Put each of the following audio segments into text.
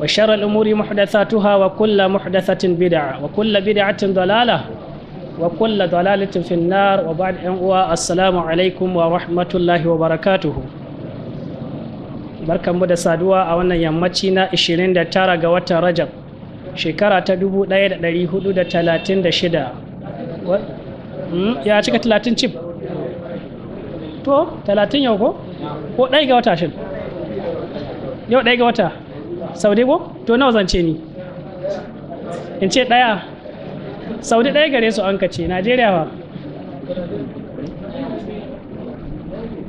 وشر الأمور محدثاتها وكل محدثة بدعة وكل بدعة ضلالة وكل ضلالة في النار وبعد السلام عليكم ورحمة الله وبركاته barkanmu da saduwa a wannan yammaci na 29 ga watan rajab shekara ta 1436 ya cika 30 cif to 30 yau ko ɗaya ga wata yau ɗaya ga wata dai ko to nawa zan ni in ce ɗaya saudi ɗaya gare su an kace najeriya ba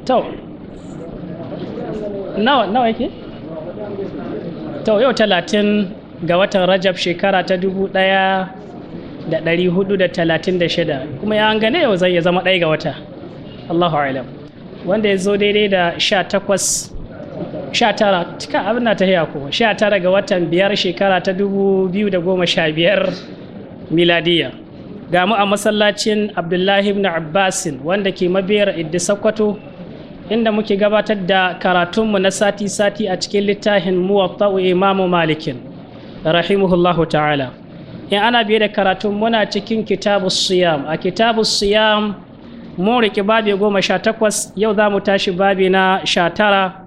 to nawa nawa yake to yau talatin ga watan rajab shekara ta dubu ɗaya da ɗari hudu da talatin da shida kuma ya gane yau zai ya zama ɗaya ga wata allahu alam wanda ya zo daidai da sha takwas 19 cika abin na ta hiya ko tara ga watan biyar shekara ta 2015 miladiya ga mu a masallacin abdullahi ibn abbasin wanda ke mabiyar iddi inda muke gabatar da karatunmu na sati-sati a cikin littafin muwatta'u imamu malikin rahimahullahu ta'ala in ana biye da karatun muna cikin kitabu siyam a kitabu siyam mun riƙi babi goma sha takwas yau za mu tashi babi na sha tara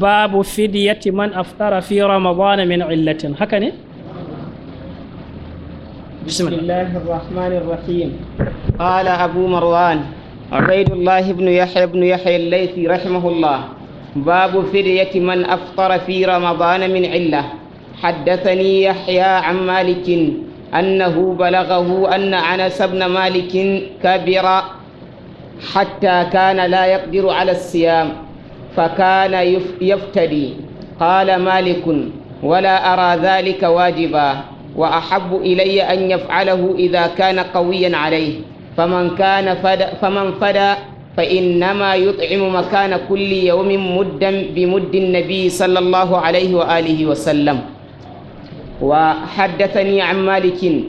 باب فدية من أفطر في رمضان من علة هكذا بسم الله الرحمن الرحيم قال أبو مروان عبيد الله بن يحيى بن يحيى الليثي رحمه الله باب فدية من أفطر في رمضان من علة حدثني يحيى عن مالك أنه بلغه أن أنس بن مالك كبر حتى كان لا يقدر على الصيام فكان يفتدي قال مالك ولا أرى ذلك واجبا وأحب إلي أن يفعله إذا كان قويا عليه فمن كان فدا فمن فدا فإنما يطعم مكان كل يوم مدا بمد النبي صلى الله عليه وآله وسلم وحدثني عن مالك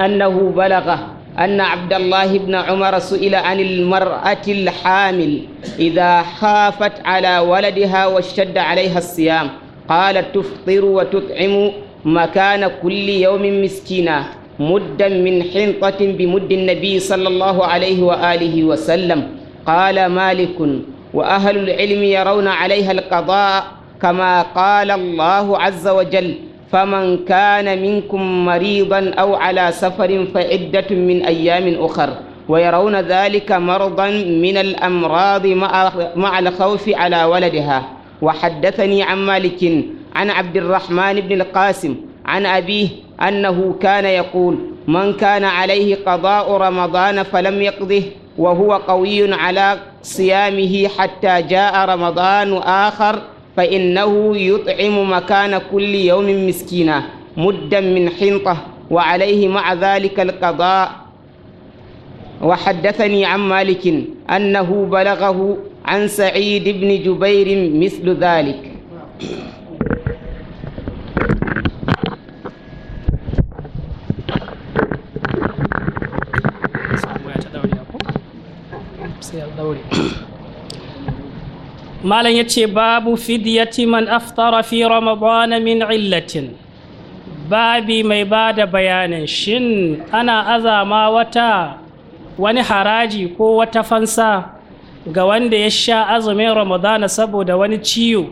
أنه بلغه أن عبد الله بن عمر سئل عن المرأة الحامل إذا خافت على ولدها واشتد عليها الصيام قالت تفطر وتطعم مكان كل يوم مسكينا مدا من حنطة بمد النبي صلى الله عليه وآله وسلم قال مالك وأهل العلم يرون عليها القضاء كما قال الله عز وجل فمن كان منكم مريضا أو على سفر فعدة من أيام أخر ويرون ذلك مرضا من الأمراض مع الخوف على ولدها وحدثني عن مالك عن عبد الرحمن بن القاسم عن أبيه أنه كان يقول من كان عليه قضاء رمضان فلم يقضه وهو قوي على صيامه حتى جاء رمضان آخر فإنه يطعم مكان كل يوم مسكينا مدا من حنطة وعليه مع ذلك القضاء وحدثني عن مالك أنه بلغه عن سعيد بن جبير مثل ذلك malam ya ce babu fidyati man aftara fi ramadana min illatin babi mai ba da bayanin shin ana azama wata wani haraji ko wata fansa ga wanda ya sha azumin ramadana saboda wani ciwo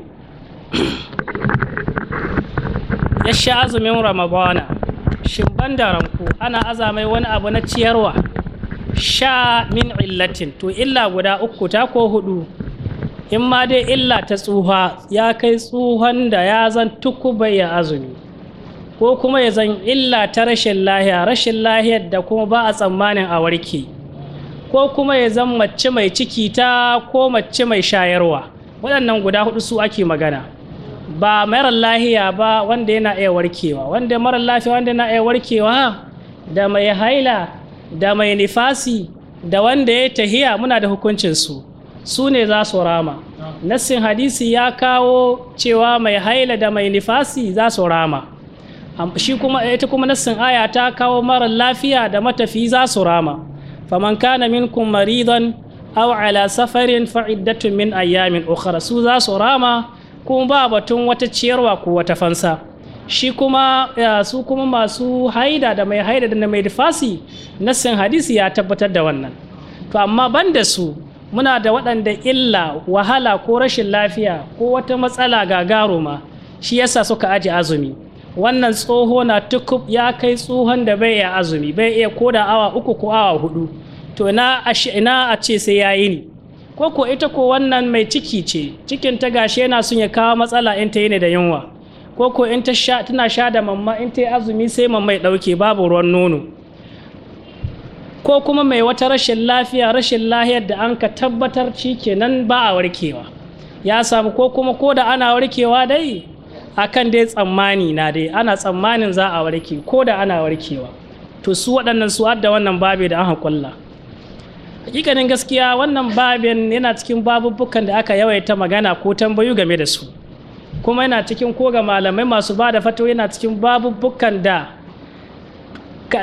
ya sha azumin ramadana shin banda ranku ana azamai wani abu na ciyarwa sha min illatin to illa guda uku ta ko hudu in ma dai illa ta tsuha ya kai tsuhan da ya zan tukuba ya azumi ko kuma ya zan illa ta rashin lahiya rashin lahiyar da kuma ba a tsammanin a warke ko kuma ya zan mace mai ciki ta ko mace mai shayarwa waɗannan guda hudu su ake magana ba marar lahiya ba wanda yana iya warkewa wanda marar lafiya wanda yana iya warkewa da mai haila da mai nifasi da wanda ya tahiya muna da hukuncin su su ne za su rama nassin hadisi ya kawo cewa mai haila da mai nifasi za su rama shi kuma ita kuma nassin aya ta kawo mara lafiya da matafi za su rama faman kana minkum maridan aw ala safarin fa iddatun min ayyamin ukhra su za su rama kuma ba batun wata ciyarwa ko wata fansa shi kuma su kuma masu haida da mai haida da mai nifasi nassin hadisi ya tabbatar da wannan to amma ban da su muna da waɗanda illa wahala ko rashin lafiya ko wata matsala gagaruma shi yasa suka aji azumi wannan tsoho na tukub ya kai tsohon da bai iya azumi bai iya da awa uku ko awa hudu to na a ce sai ya yi ni ko ko ita ko wannan mai ciki ce cikin ta gashi yana son ya kawo matsala in ta yi ne da yunwa ko in ta sha tana sha da mamma in ta yi azumi sai mamma ya ɗauke babu ruwan nono ko kuma mai wata rashin lafiya rashin lahiyar da an ka tabbatar shi kenan ba a warkewa ya samu ko kuma ko da ana warkewa dai akan dai tsammani na dai ana tsammanin za a warke ko da ana warkewa to su waɗannan su da wannan babe da an haƙulla hakikanin gaskiya wannan babin yana cikin babubbukan da aka yawaita magana ko tambayu game da su kuma yana cikin ko ga malamai masu ba da fatawa yana cikin babubbukan da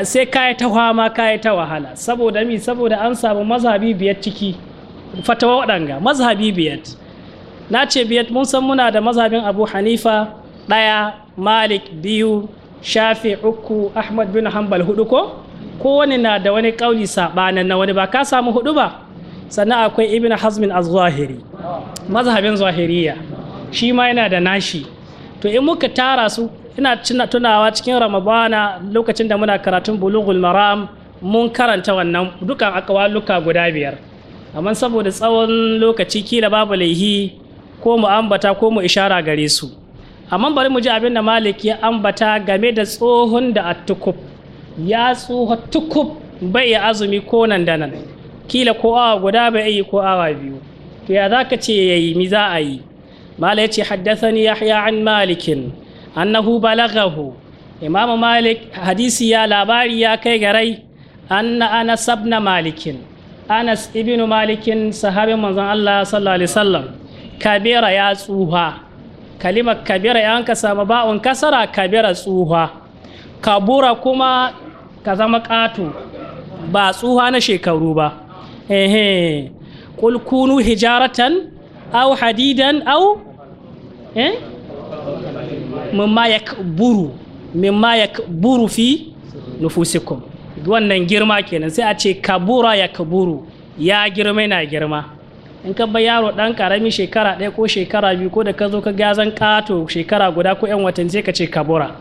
sai ka ta hama ka ta wahala saboda mi saboda an samu mazhabi biyar ciki fatawa waɗanga mazhabi biyar na ce biyar mun san muna da mazhabin abu hanifa ɗaya malik biyu shafi uku ahmad bin hanbal hudu ko kowane na da wani kauli saɓanan na wani ba ka samu hudu ba sannan akwai ibn hazmin az-zahiri mazhabin zahiriya shi ma yana da nashi to in muka tara su ina tunawa cikin ramadana lokacin da muna karatun bulughul maram mun karanta wannan dukan akawaluka guda biyar amma saboda tsawon lokaci kila babu laihi ko mu ambata ko mu ishara gare su amma bari mu ji abinda da malik ya ambata game da tsohon da atukub ya tsoho tukub bai ya azumi ko nan da nan kila ko awa guda bai yi ko awa biyu to ya zaka ce yayi mi za a yi mala ya ce ni yahya an malikin annahu balagahu imam malik hadisi ya labari ya kai garai anna anas sabna malikin anas ibnu malikin sahabin manzon Allah sallallahu alaihi wasallam kabira ya tsuha kalimar kabira ya ka samu ba'un kasara kabira tsuha kabura kuma ka zama ƙato ba tsuha na shekaru ba ehe kul hijaratan au hadidan aw eh mimma yakburu mimma buru fi nufusikum wannan girma kenan sai a ce kabura kaburu ya girma na girma in ka bai yaro dan karami shekara ɗaya ko shekara biyu ko da ka zo ka gazan kato shekara guda ko yan watan sai ka ce kabura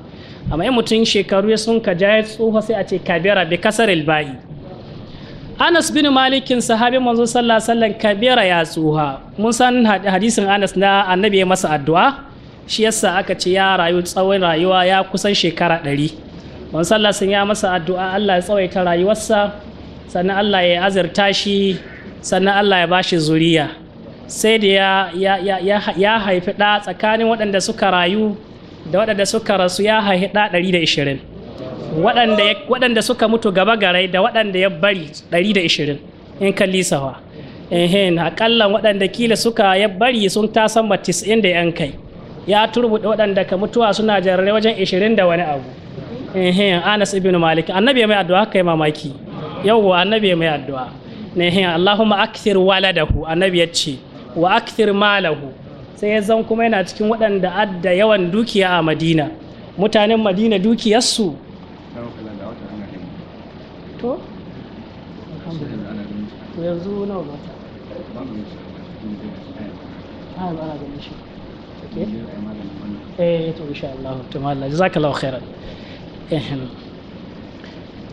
amma in mutum shekaru ya sun ka jaya tsoho sai a ce kabira bi kasar ba'i. anas bin malikin sahabi manzo sallallahu alaihi wasallam kabira ya tsoha mun san hadisin anas na annabi ya masa addu'a shi yasa aka ce ya rayu tsawon rayuwa ya kusan shekara ɗari sallah sun ya masa addu'a Allah ya tsawaita rayuwarsa sannan Allah ya azirta shi sannan Allah ya bashi zuriya sai da ya haifi ɗa tsakanin waɗanda suka rayu da waɗanda suka rasu ya haifi ɗa ɗari da ishirin waɗanda suka mutu gaba garai da waɗanda ya bari ɗari da ishirin in kan lisawa ehen aƙalla waɗanda kila suka ya bari sun tasan ba tis'in da yan kai ya turbuɗe waɗanda ka mutuwa suna jarare wajen 20 da wani abu ehin anas ibn malik annabi mai addu'a kai mamaki yawwa annabi mai addu'a ehin allahumma akthir waladahu annabi ya ce wa akthir malahu sai ya zan kuma yana cikin waɗanda adda yawan dukiya a madina mutanen madina dukiyarsu to yanzu nawa ba ta shi ah,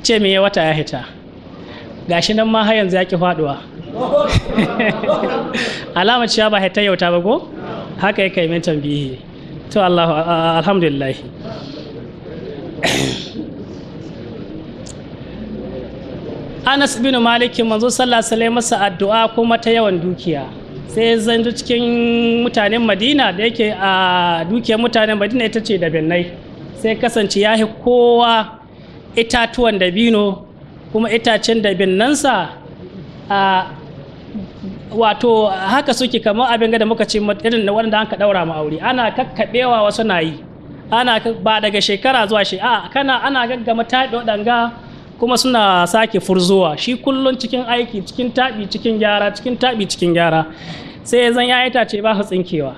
ce me wata ya hita gashi nan ma har yanzu ya ki faduwa alama cewa ba hita yauta ba ko haka ya kaimin tambihi to allahu alhamdulillah Anas bin malikin manzo sallallahu alaihi wasallam masa addu'a kuma ta yawan dukiya sai zanzu cikin mutanen madina da yake a dukiyar mutanen madina ita ce da binnai sai kasance ya kowa itatuwan dabino kuma itacen dabinnansa a wato haka suke kamar abin da muka ce irin da wanda an ka daura mu aure ana kakkaɓewa wasu na yi ana ba daga shekara zuwa shi a kana ana gaggama ta waɗanga kuma suna sake furzuwa shi kullum cikin aiki cikin taɓi cikin gyara cikin taɓi cikin gyara sai zan ya ce ba su tsinkewa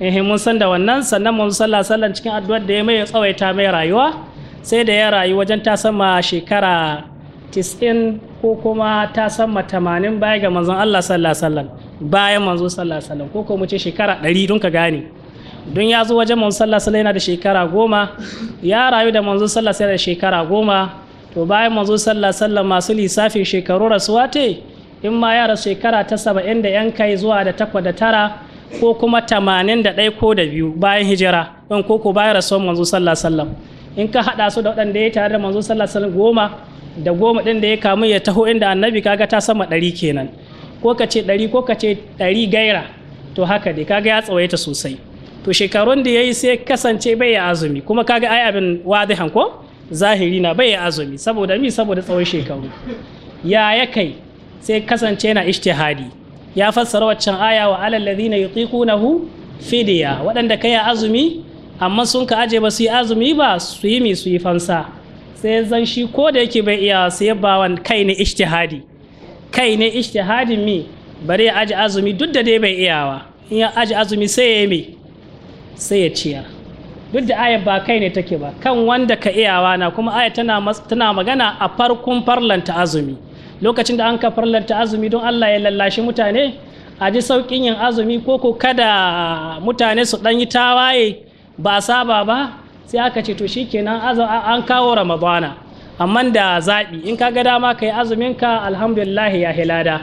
ehe mun san da wannan sannan mun sallah sallan cikin addu'ar da ya mai tsawaita mai rayuwa sai da ya rayu wajen ta sama shekara 90 ko kuma ta sama 80 baya ga manzon Allah sallallahu alaihi wasallam bayan manzo sallallahu alaihi wasallam ko ko mu ce shekara 100 don ka gane don ya zo wajen manzo sallallahu alaihi yana da shekara goma ya rayu da manzo sallallahu alaihi da shekara goma to bayan manzo sallah sallah masu lissafin shekaru rasuwa te in ma ya shekara ta saba'in da yan kai zuwa da takwa da tara ko kuma tamanin da ɗaya ko da biyu bayan hijira Ɗan koko bayan rasuwar manzo sallah sallah in ka haɗa su da waɗanda ya tare da manzo sallah sallah goma da goma ɗin da ya kamu ya taho inda annabi kaga ta sama ɗari kenan ko ka ce ɗari ko ka ce ɗari gaira to haka dai kaga ya tsawaita sosai to shekarun da ya yi sai kasance bai ya azumi kuma kaga ai abin wadihan ko zahiri na bai azumi saboda mi saboda tsawon shekaru ya ya kai sai kasance na ishtihadi ya fassara waccan aya wa alal ladina yutiqunahu fidiya waɗanda kai azumi amma sun ka aje ba su yi azumi ba su yi mi su yi fansa sai zan shi ko da yake bai iya sai ba wan kai ne ishtihadi kai ne ishtihadin mi bare ya aje azumi duk da dai bai iyawa in ya aje azumi sai ya yi mi sai ya ciyar duk da ayar ba kai ne take ba kan wanda ka iyawa na kuma ayar tana magana a farkon farlanta azumi lokacin da an ka farlanta azumi don Allah ya lallashi mutane a ji saukin yin azumi ko ko kada mutane su dan yi tawaye ba saba ba sai aka ce to shi shikenan an kawo ramadana amma da zaɓi in ka ga dama ka yi azumin ka alhamdulillah ya hilada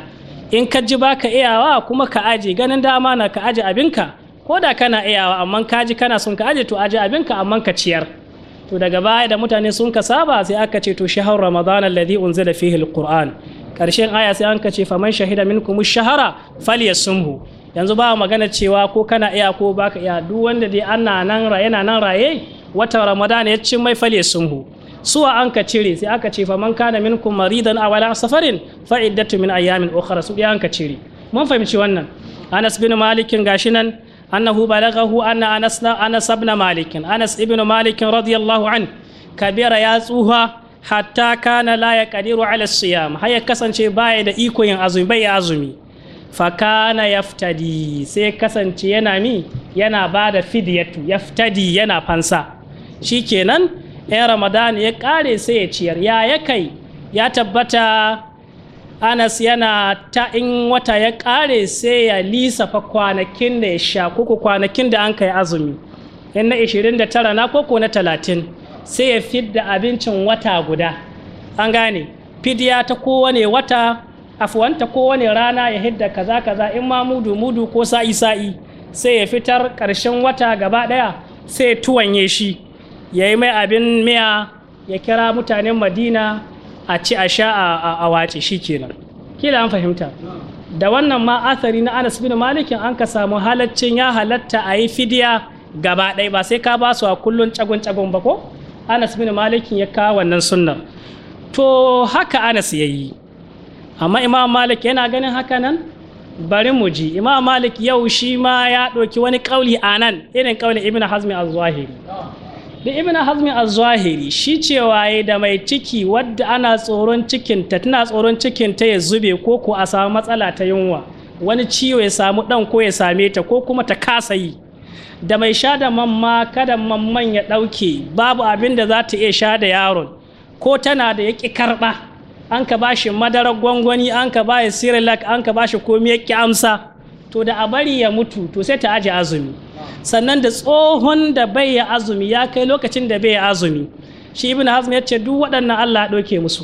in ka ji ba ka iyawa kuma ka aje ganin dama na ka aje abinka ko da kana iyawa amma ka ji kana sun ka aje to aje ka amma ka ciyar to daga baya da mutane sun ka saba sai aka ce to shahar ramadan alladhi unzila fihi alquran karshen aya sai an ka ce faman shahida minkum shahara falyasumhu yanzu ba magana cewa ko kana iya ko baka iya duk wanda dai ana nan raye yana nan raye watan ramadan ya cin mai falyasumhu suwa an ka cire sai aka ce faman kana minkum maridan aw ala safarin fa iddatu min ayamin ukhra su dai an ka cire mun fahimci wannan Anas bin Malikin gashi nan أنه بلغه أن أنس أنس بن مالك أنس ابن مالك رضي الله عنه كبير يازوها حتى كان لا يقدر على الصيام هيا كسن شي باي دا إيكو ين أزمي باي أزمي فكان يفتدي سي كسن شي ينا مي ينا بعد فدية يفتدي ينا فانسا شي كينان إن رمضان يقاري سي يا يكي يا تبتا anas yana ta in wata ya kare sai ya lisafa kwanakin da ya sha koko kwanakin da an kai azumi in na 29 na koko na 30 sai ya fidda abincin wata guda an gane fidiya ta kowane wata afuwanta kowane rana ya hidda kaza kaza in ma mudu mudu ko sa'i sa'i sai ya fitar karshen wata gaba ɗaya sai tuwanye shi ya yi mai abin miya ya kira mutanen madina a ci a sha a wace shi kenan kila an fahimta da wannan ma athari na anas bin malikin an ka samu halaccin ya halatta a yi fidiya gaba ɗaya ba sai ka ba su a kullun cagun cagun ba ko anas bin malikin ya kawo wannan sunnan to haka anas ya yi amma imam malik yana ganin haka nan bari mu ji imam malik yau shi ma ya ɗauki wani ƙauli a nan irin ƙaulin ibn hazmi al zahiri da ibn hazmi az-zahiri shi ce waye da mai ciki wadda ana tsoron cikin ta tana tsoron cikin ta ya zube ko ko a samu matsala ta yunwa wani ciwo ya samu dan ko ya same ta ko kuma ta kasa yi da mai sha da mamma kada mamman ya dauke babu abin da za ta iya sha da yaron ko tana da yaki karba an ka bashi madarar gwangwani an ka shi sirilak an ka bashi komai yaki amsa to da a bari ya mutu to sai ta aje azumi sannan da tsohon da bai ya azumi ya kai lokacin da bai ya azumi shi ibn hazm ya ce duk waɗannan Allah ya ɗauke musu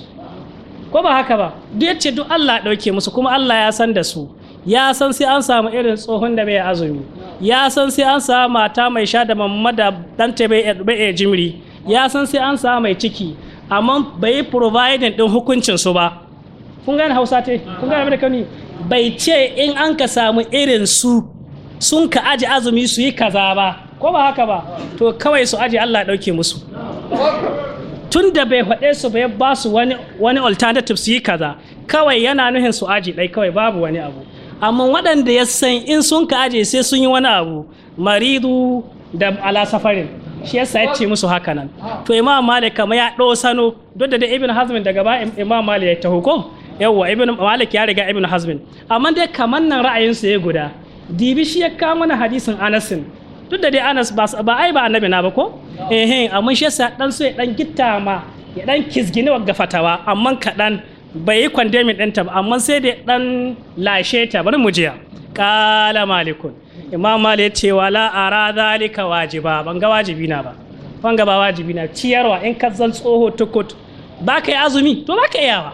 ko ba haka ba duk ya ce duk Allah ya ɗauke musu kuma Allah ya san da su ya san sai an samu irin tsohon da bai ya azumi ya san sai an samu mata mai sha da mamma da ta bai ya jimri ya san sai an samu mai ciki amma bai yi providing ɗin hukuncin su ba kun gane hausa te kun gane da kauni. bai ce in an ka samu irin su sun ka aji azumi su yi kaza ba ko ba haka ba to kawai su aji Allah ɗauke musu tun da bai faɗe su bai ba su wani wani alternative su yi kaza kawai yana nuhin su aji ɗai kawai babu wani abu amma waɗanda ya san in sun ka aje sai sun yi wani abu maridu da ala safarin shi yasa ya ce musu haka nan to imam malik kama ya ɗo sano duk da ibn hazmin daga ba imam malik ya taho ko yawwa ibn malik ya riga ibn hazmin amma dai kaman nan ra'ayinsu ya guda dibi shi ya kawo mana hadisin anasin duk da dai anas ba ai ba annabi na ba ko eh amma shi yasa dan so ya dan gittama ma ya dan kisgini wagga fatawa amma kadan bai yi min danta ba amma sai da dan lashe ta bari mu jiya qala malikun imam malik ce wala ara zalika wajiba ban ga wajibi na ba ban ga ba wajibi na ciyarwa in ka zan tsoho tukut baka yi azumi to baka yawa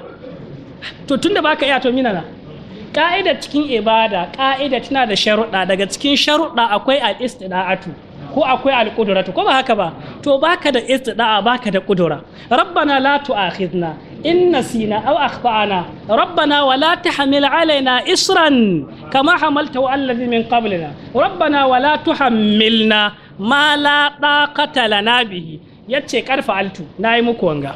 to tunda baka iya to mina na ka'ida cikin ibada ka'ida tana da sharuɗa daga cikin sharuɗa akwai al-istida'atu ko akwai al-qudratu ko ba haka ba to baka da istida'a baka da qudura rabbana la tu'akhidna in nasina aw akhtana rabbana wa la tahmil alaina isran kama hamalta wa alladhi min qablina rabbana wa la tuhammilna ma la taqata lana bihi yace karfa altu nayi muku wanga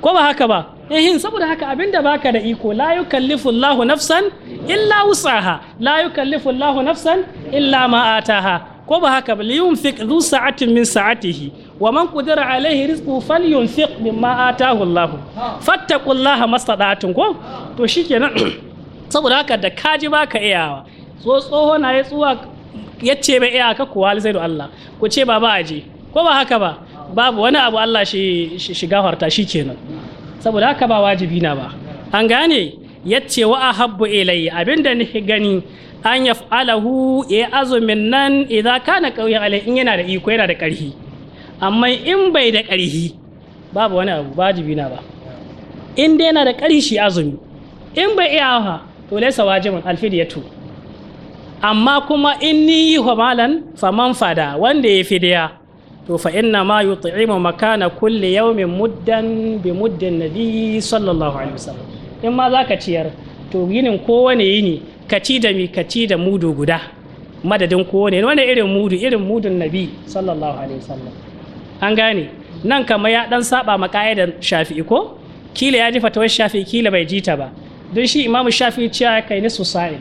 ko ba haka ba ehin saboda haka abinda baka da iko la yukallifu Allahu nafsan illa wusaha la yukallifu Allahu nafsan illa ma ataha ko ba haka ba liyunfiq dhu sa'atin min sa'atihi wa man qudira alaihi rizquhu falyunfiq mimma atahu Allah fattaqullaha mastata'tum ko to shikenan saboda haka da kaji baka iyawa so tsoho na ya tsuwa yace bai iya ka kuwa sai da Allah ku ce ba ba aje ko ba haka ba babu wani abu Allah shi shiga harta shikenan saboda haka ba wajibi na ba an gane yace wa ahabbu ilayya abinda ni gani an yaf'alahu ya azumin nan idan kana qawi alai in yana da iko yana da karhi amma in bai da karhi babu wani abu wajibi na ba in dai yana da karhi shi azumi in bai iya ha to laysa wajibun alfidiyatu amma kuma in ni yi malan faman fada wanda ya fidiya to fa inna ma yut'imu makana kulli yawmin muddan bi muddin nabi sallallahu alaihi wasallam in ma zaka ciyar to yinin kowane yini ka ci da mi ka da mudu guda madadin kowane wani irin mudu irin mudun nabi sallallahu alaihi wasallam an gane nan kamar ya dan saba ma ka'idar shafi'i ko kila ya ji fatawar shafi'i kila bai jita ba don shi imamu shafi'i cewa kai ni su sa'i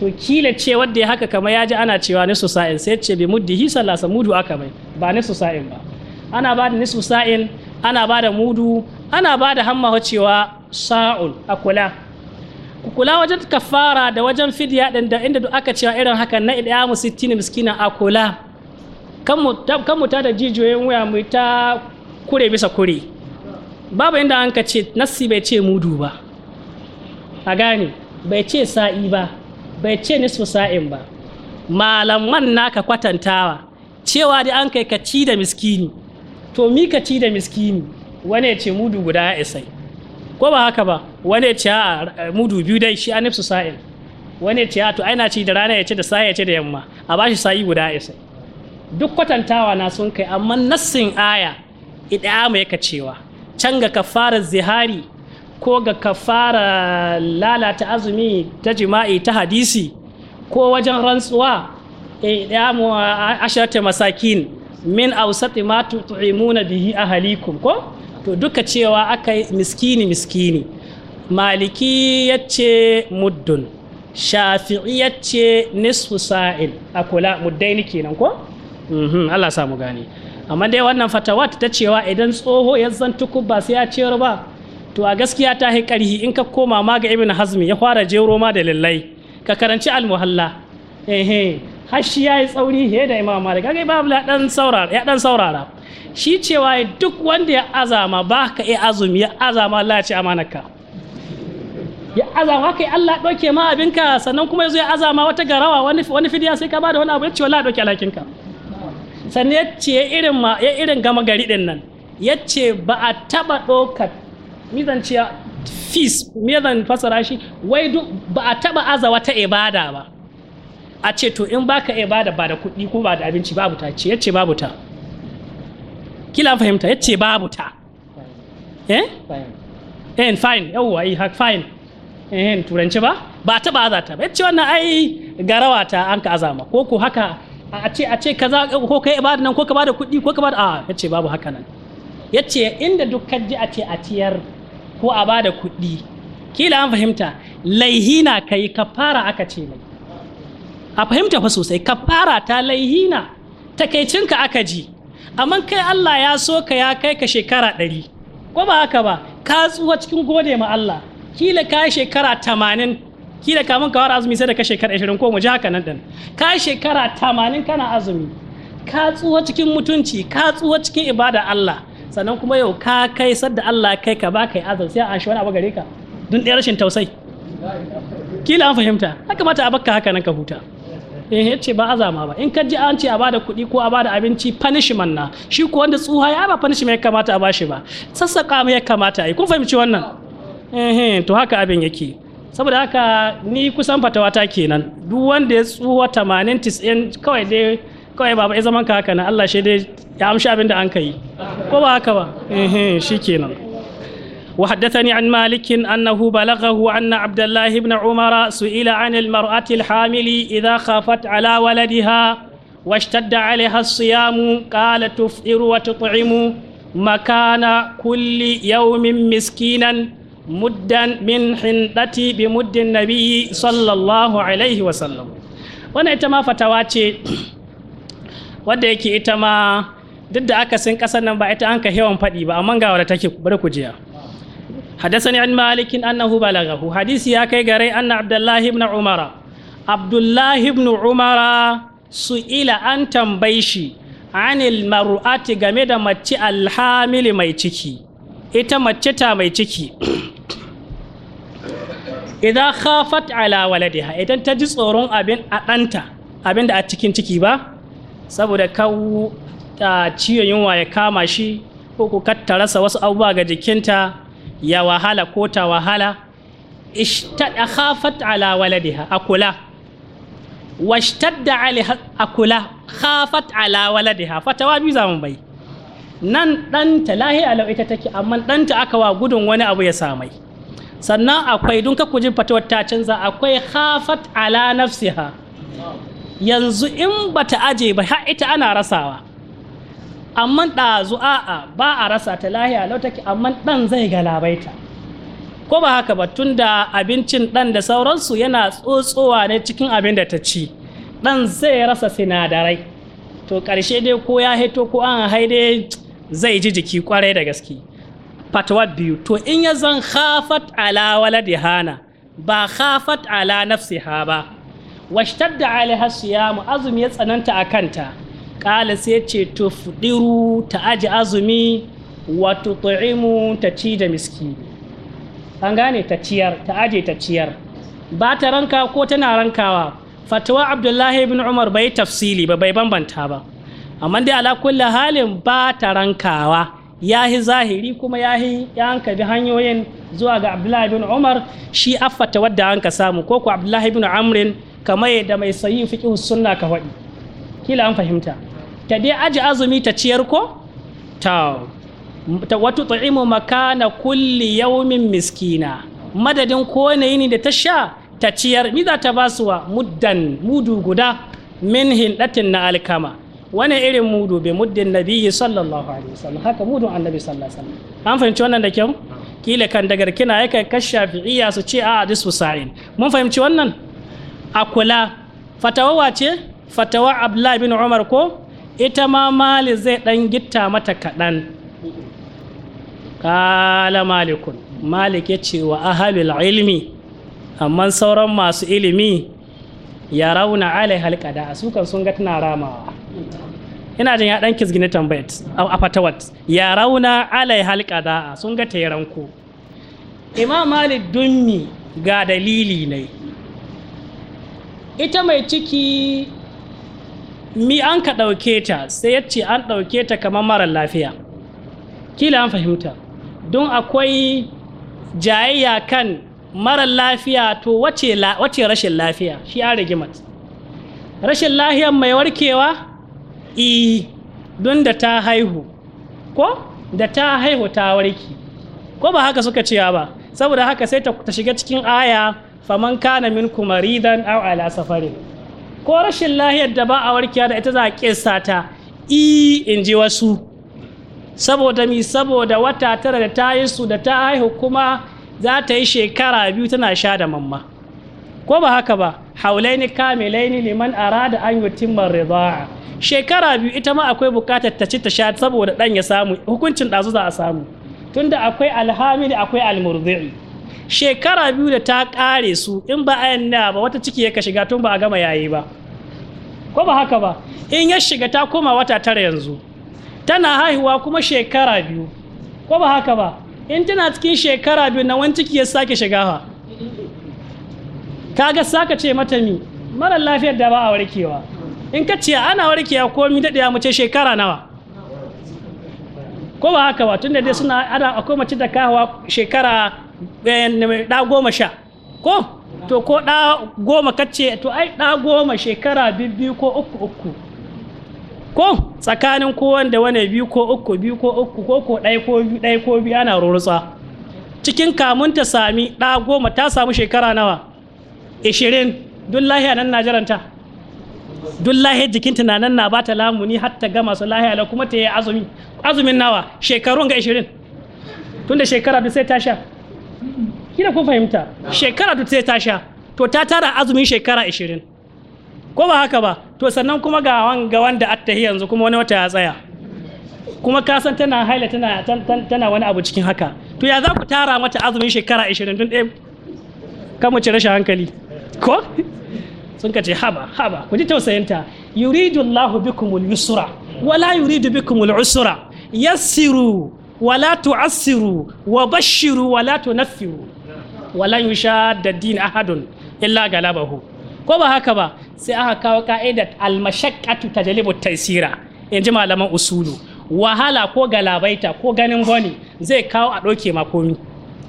to kila ce wanda ya haka kama ya ji ana cewa nisu sa'in sai ce bi hisa sallasa mudu aka mai ba nisu sa'in ba ana ba da nisu sa'in ana ba da mudu ana ba da hamma cewa saul a kula kula wajen kafara da wajen fidiya din da inda aka cewa irin haka na ilyamu sittin miskina a kula kan mu ta da jijiyoyin wuya mu ta kure bisa kure babu inda an ka ce nassi bai ce mudu ba a gane bai ce sa'i ba bai ce nisfu sa'in ba malaman naka kwatantawa cewa da an kai kaci da miskini to mi kaci da miskini wane ce mudu guda ya isai ko ba haka ba wane ce a mudu biyu dai shi an nisfu sa'in wane ce a to aina ci da rana ya ce da sa'i ya ce da yamma a ba shi sa'i guda ya isai duk kwatantawa na sun kai amma nassin aya idama yaka cewa can ga kafarar zihari ko ga kafara lalata azumi ta jima'i ta hadisi ko wajen rantsuwa idamu eh, asharata masakin min awsati ma tut'imuna bihi ahalikum ko to duka cewa aka yi miskini miskini maliki ya ce muddun shafi'i ce nisfu sa'il muddai muddaini kenan ko mhm, Allah samu gane amma dai wannan fatawa ta cewa idan tsoho ya tuku ba sai ya ciyar ba to a gaskiya ta yi ƙarhi in ka koma ma ga ibn hazmi ya fara jero ma da lallai ka karanci almuhalla ehe hashi ya yi tsauri he da imam malik kaga imam ya dan saurara ya dan saurara shi cewa duk wanda ya azama ba ka yi azumi ya azama Allah ya ci amanarka ya azama kai Allah ɗauke ma abinka sannan kuma yazo ya azama wata garawa wani wani fidiya sai ka bada wani abu ya ce wallahi ɗauke ka. sannan ya ce irin ma ya irin gama gari din nan ya ce ba a taɓa ɗaukar mizanciya fis mizan fasara shi wai duk ba a taba aza wata ibada ba a ce to in baka ibada ba da kuɗi ko ba da abinci babu ta ce yace babu ta kila fahimta yace babu ta eh eh fine yawwa eh hak fine eh turanci ba ba taba aza ta yace wannan ai garawa ta an ka azama ko ko haka a ce a ce kaza ko kai ibada nan ko ka bada kuɗi ko ka bada a yace babu haka nan ya ce inda dukkan ji a ce a ciyar ko a ba da kuɗi kila an fahimta kai ka yi kafara aka ce mai a fahimta fa sosai kafara ta laihina takaicinka aka ji amma kai Allah ya so ka ya kai ka shekara ɗari ko ba haka ba ka tsuwa cikin gode ma Allah kila ka shekara tamanin kila kamun ka fara azumi sai da ka shekara ashirin ko mu ji haka nan ɗin ka shekara tamanin kana azumi ka tsuwa cikin mutunci ka tsuwa cikin ibada Allah sannan kuma yau ka kai sadda Allah kai ka baka kai azab sai an shi wani abu gare ka dun ɗaya rashin tausayi. kila an fahimta haka mata a baka haka nan ka huta eh ce ba azama ba in ka ji an ce a bada kuɗi ko a bada abinci punishment na shi ko wanda tsuha ya ba punishment ya kamata a bashi ba sassaka mai ya kamata a kun fahimci wannan eh to haka abin yake saboda haka ni kusan fatawa ta kenan duk wanda ya tsuwa 80 kawai dai kawai baba ya zaman ka haka nan Allah shi dai ya amshi abin da an kai ko ba haka ba eh shikenan وحدثني عن مالك أنه بلغه أن عبد الله بن عمر سئل عن المرأة الحامل إذا خافت على ولدها واشتد عليها الصيام قال تفطر وتطعم مكان كل يوم مسكينا مدا من حنطتي بمد النبي صلى الله عليه وسلم وانا اتما فتواتي wadda yake ita ma duk da aka sin kasar nan ba ita an ka hewan faɗi ba amma ga wadda take bari ku jiya hadasani an malikin annahu balagahu hadisi ya kai gare anna abdullahi ibn umara abdullahi ibn umara su ila an tambayi shi anil maru'ati game da mace alhamili mai ciki ita mace ta mai ciki idan khafat ala waladiha idan ta ji tsoron abin a ɗanta abin da a cikin ciki ba saboda kawo ciwon yunwa ya kama shi ko ku kattarasa wasu abubuwa ga jikinta ya wahala ko ta wahala ishtada khafat ala waladiha akula washtadda ala akula khafat ala waladiha fatawa biyu zamu bai nan ɗanta lahiya lau ita take amma ɗanta aka wa gudun wani abu ya samai sannan akwai dun ka kuji fatawar ta canza akwai khafat ala nafsiha yanzu in ba ta aje ba har ita ana rasawa amma ɗazu a'a ba a rasa ta lahiya lautaki amma ɗan zai galabaita ko ba haka ba tun da abincin ɗan da sauransu yana tsotsowa ne cikin abin da ta ci ɗan zai rasa sinadarai to ƙarshe dai ko ya haito ko an haide zai ji jiki kwarai da gaske fatwa biyu to in ya zan khafat ala waladi hana ba khafat ala nafsi ba da washtadda ya mu azumi ya tsananta a kanta ƙala sai ce to fudiru ta aji azumi wa tutu'imu ta ci da miski an gane ta ciyar ta aje ta ciyar ba ta ranka ko tana rankawa fatawa abdullahi bin umar bai tafsili ba bai bambanta ba amma dai ala kulli halin ba ta rankawa yahi zahiri kuma yahi ya hanka bi hanyoyin zuwa ga abdullahi bin umar shi affata wadda an ka samu ko ku abdullahi ibn amrin kamar yadda mai sayi fiqh sunna ka faɗi kila an fahimta ta dai aji azumi ta ciyar ko ta wata ta'imu makana kulli yaumin miskina madadin kowane yini da ta sha ta ciyar ni za ta ba su wa muddan mudu guda min hindatin na alkama wani irin mudu bai muddin nabiyyi sallallahu alaihi wasallam haka mudun annabi sallallahu alaihi wasallam an fahimci wannan da kyau kila kan kina yakan kashafi iya su ce a hadisu sa'in mun fahimci wannan a kula fatawa wace fatawa abdullahi bin umar ko ita ma mali zai dan gitta mata kaɗan kala malikun malik ya ce wa ahalul ilmi amma sauran masu ilimi ya rauna alai halkada a sukan sun ga tana ramawa ina jin ya dan kisgini tambayat a fatawat ya rauna alai halkada sun ga ta ranko imam malik dummi ga dalili ne ita mai ciki mi an ka ɗauke ta sai ya ce an ɗauke ta kamar mara lafiya kila an fahimta don akwai jayayya kan mara lafiya to wace rashin lafiya shi an rigimat rashin lafiyar mai warkewa e don da ta haihu ko da ta haihu ta warke ko ba haka suka cewa ba saboda haka sai ta shiga cikin aya faman kana minkum maridan au ala safari ko rashin lahiyar da ba a warkiya da ita za a kesa ta i in ji wasu saboda mi saboda wata tara da ta yi su da ta haihu kuma za ta yi shekara biyu tana sha da mamma ko ba haka ba haulaini kamilaini liman arada an yi rida'a shekara biyu ita ma akwai bukatar ta ci ta sha saboda dan ya samu hukuncin dazu za a samu tunda akwai alhamili akwai almurdi'i shekara biyu da ta ƙare su in ba a yana ba wata ciki ya ka shiga tun ba a gama yayi ba ko ba haka ba in ya shiga ta koma wata tara yanzu tana haihuwa kuma shekara biyu ko ba haka ba in tana cikin shekara biyu na wani ciki ya sake shiga ha kaga saka ce mata mi mara lafiyar da ba a warkewa in ka ce ana warkewa komi daɗe mu ce shekara nawa ko ba haka ba da dai suna ana akwai mace da kawa shekara Eh, ɗa goma sha ko to ko ɗa goma kacce to ai ɗa goma shekara biyu ko uku uku ko tsakanin ko wanda wane biyu ko uku biyu ko uku ko ko ɗai ko biyu ɗai ko biyu ana rurutsa cikin kamun ta sami ɗa goma ta samu shekara nawa ishirin duk lahiya nan na jaranta duk lahiyar jikinta na nan na bata lamuni har ta gama su lahiya la kuma ta yi azumi azumin nawa shekarun ga ishirin tunda shekara duk sai ta sha kina kun fahimta shekara ta ta sha to ta tara azumin shekara 20 ko ba haka ba to sannan kuma ga wanga wanda attahi yanzu kuma wani wata ya tsaya kuma ka san tana haila tana tana wani abu cikin haka to ya za ku tara mata azumin shekara 20 dun ɗaya kan mu ci rashin hankali ko sun ka ce haba haba ku ji tausayinta yuridu Allahu bikumul yusra wala yuridu bikumul usra yassiru wala tu'assiru wa bashiru wala tunaffiru wala yushadda din ahadun illa galabahu ko ba haka ba sai aka kawo ka'idat almashaqqatu tajlibu taysira in ji malaman usulu wahala ko galabaita ko ganin goni zai kawo a ɗauke makomi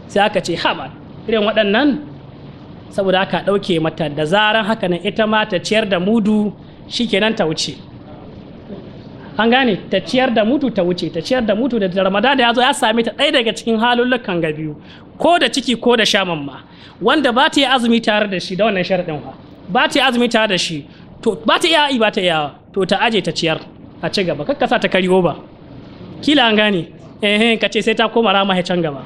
sai aka ce haba irin waɗannan saboda aka ɗauke mata da zaran haka nan ita ma ta ciyar da mudu shi shikenan ta wuce an gane ta ciyar da mutu ta wuce ta ciyar da mutu da ramada da ya zo ya same ta ɗaya daga cikin halullukan ga biyu ko da ciki ko da shaman ma wanda ba ta yi azumi tare da shi da wannan sharaɗin ba ta yi azumi tare da shi to ba ta iya ba ta iya to ta aje ta ciyar a ci gaba kakka sa ta kariyo ba kila an gane eh ka ce sai ta koma rama can gaba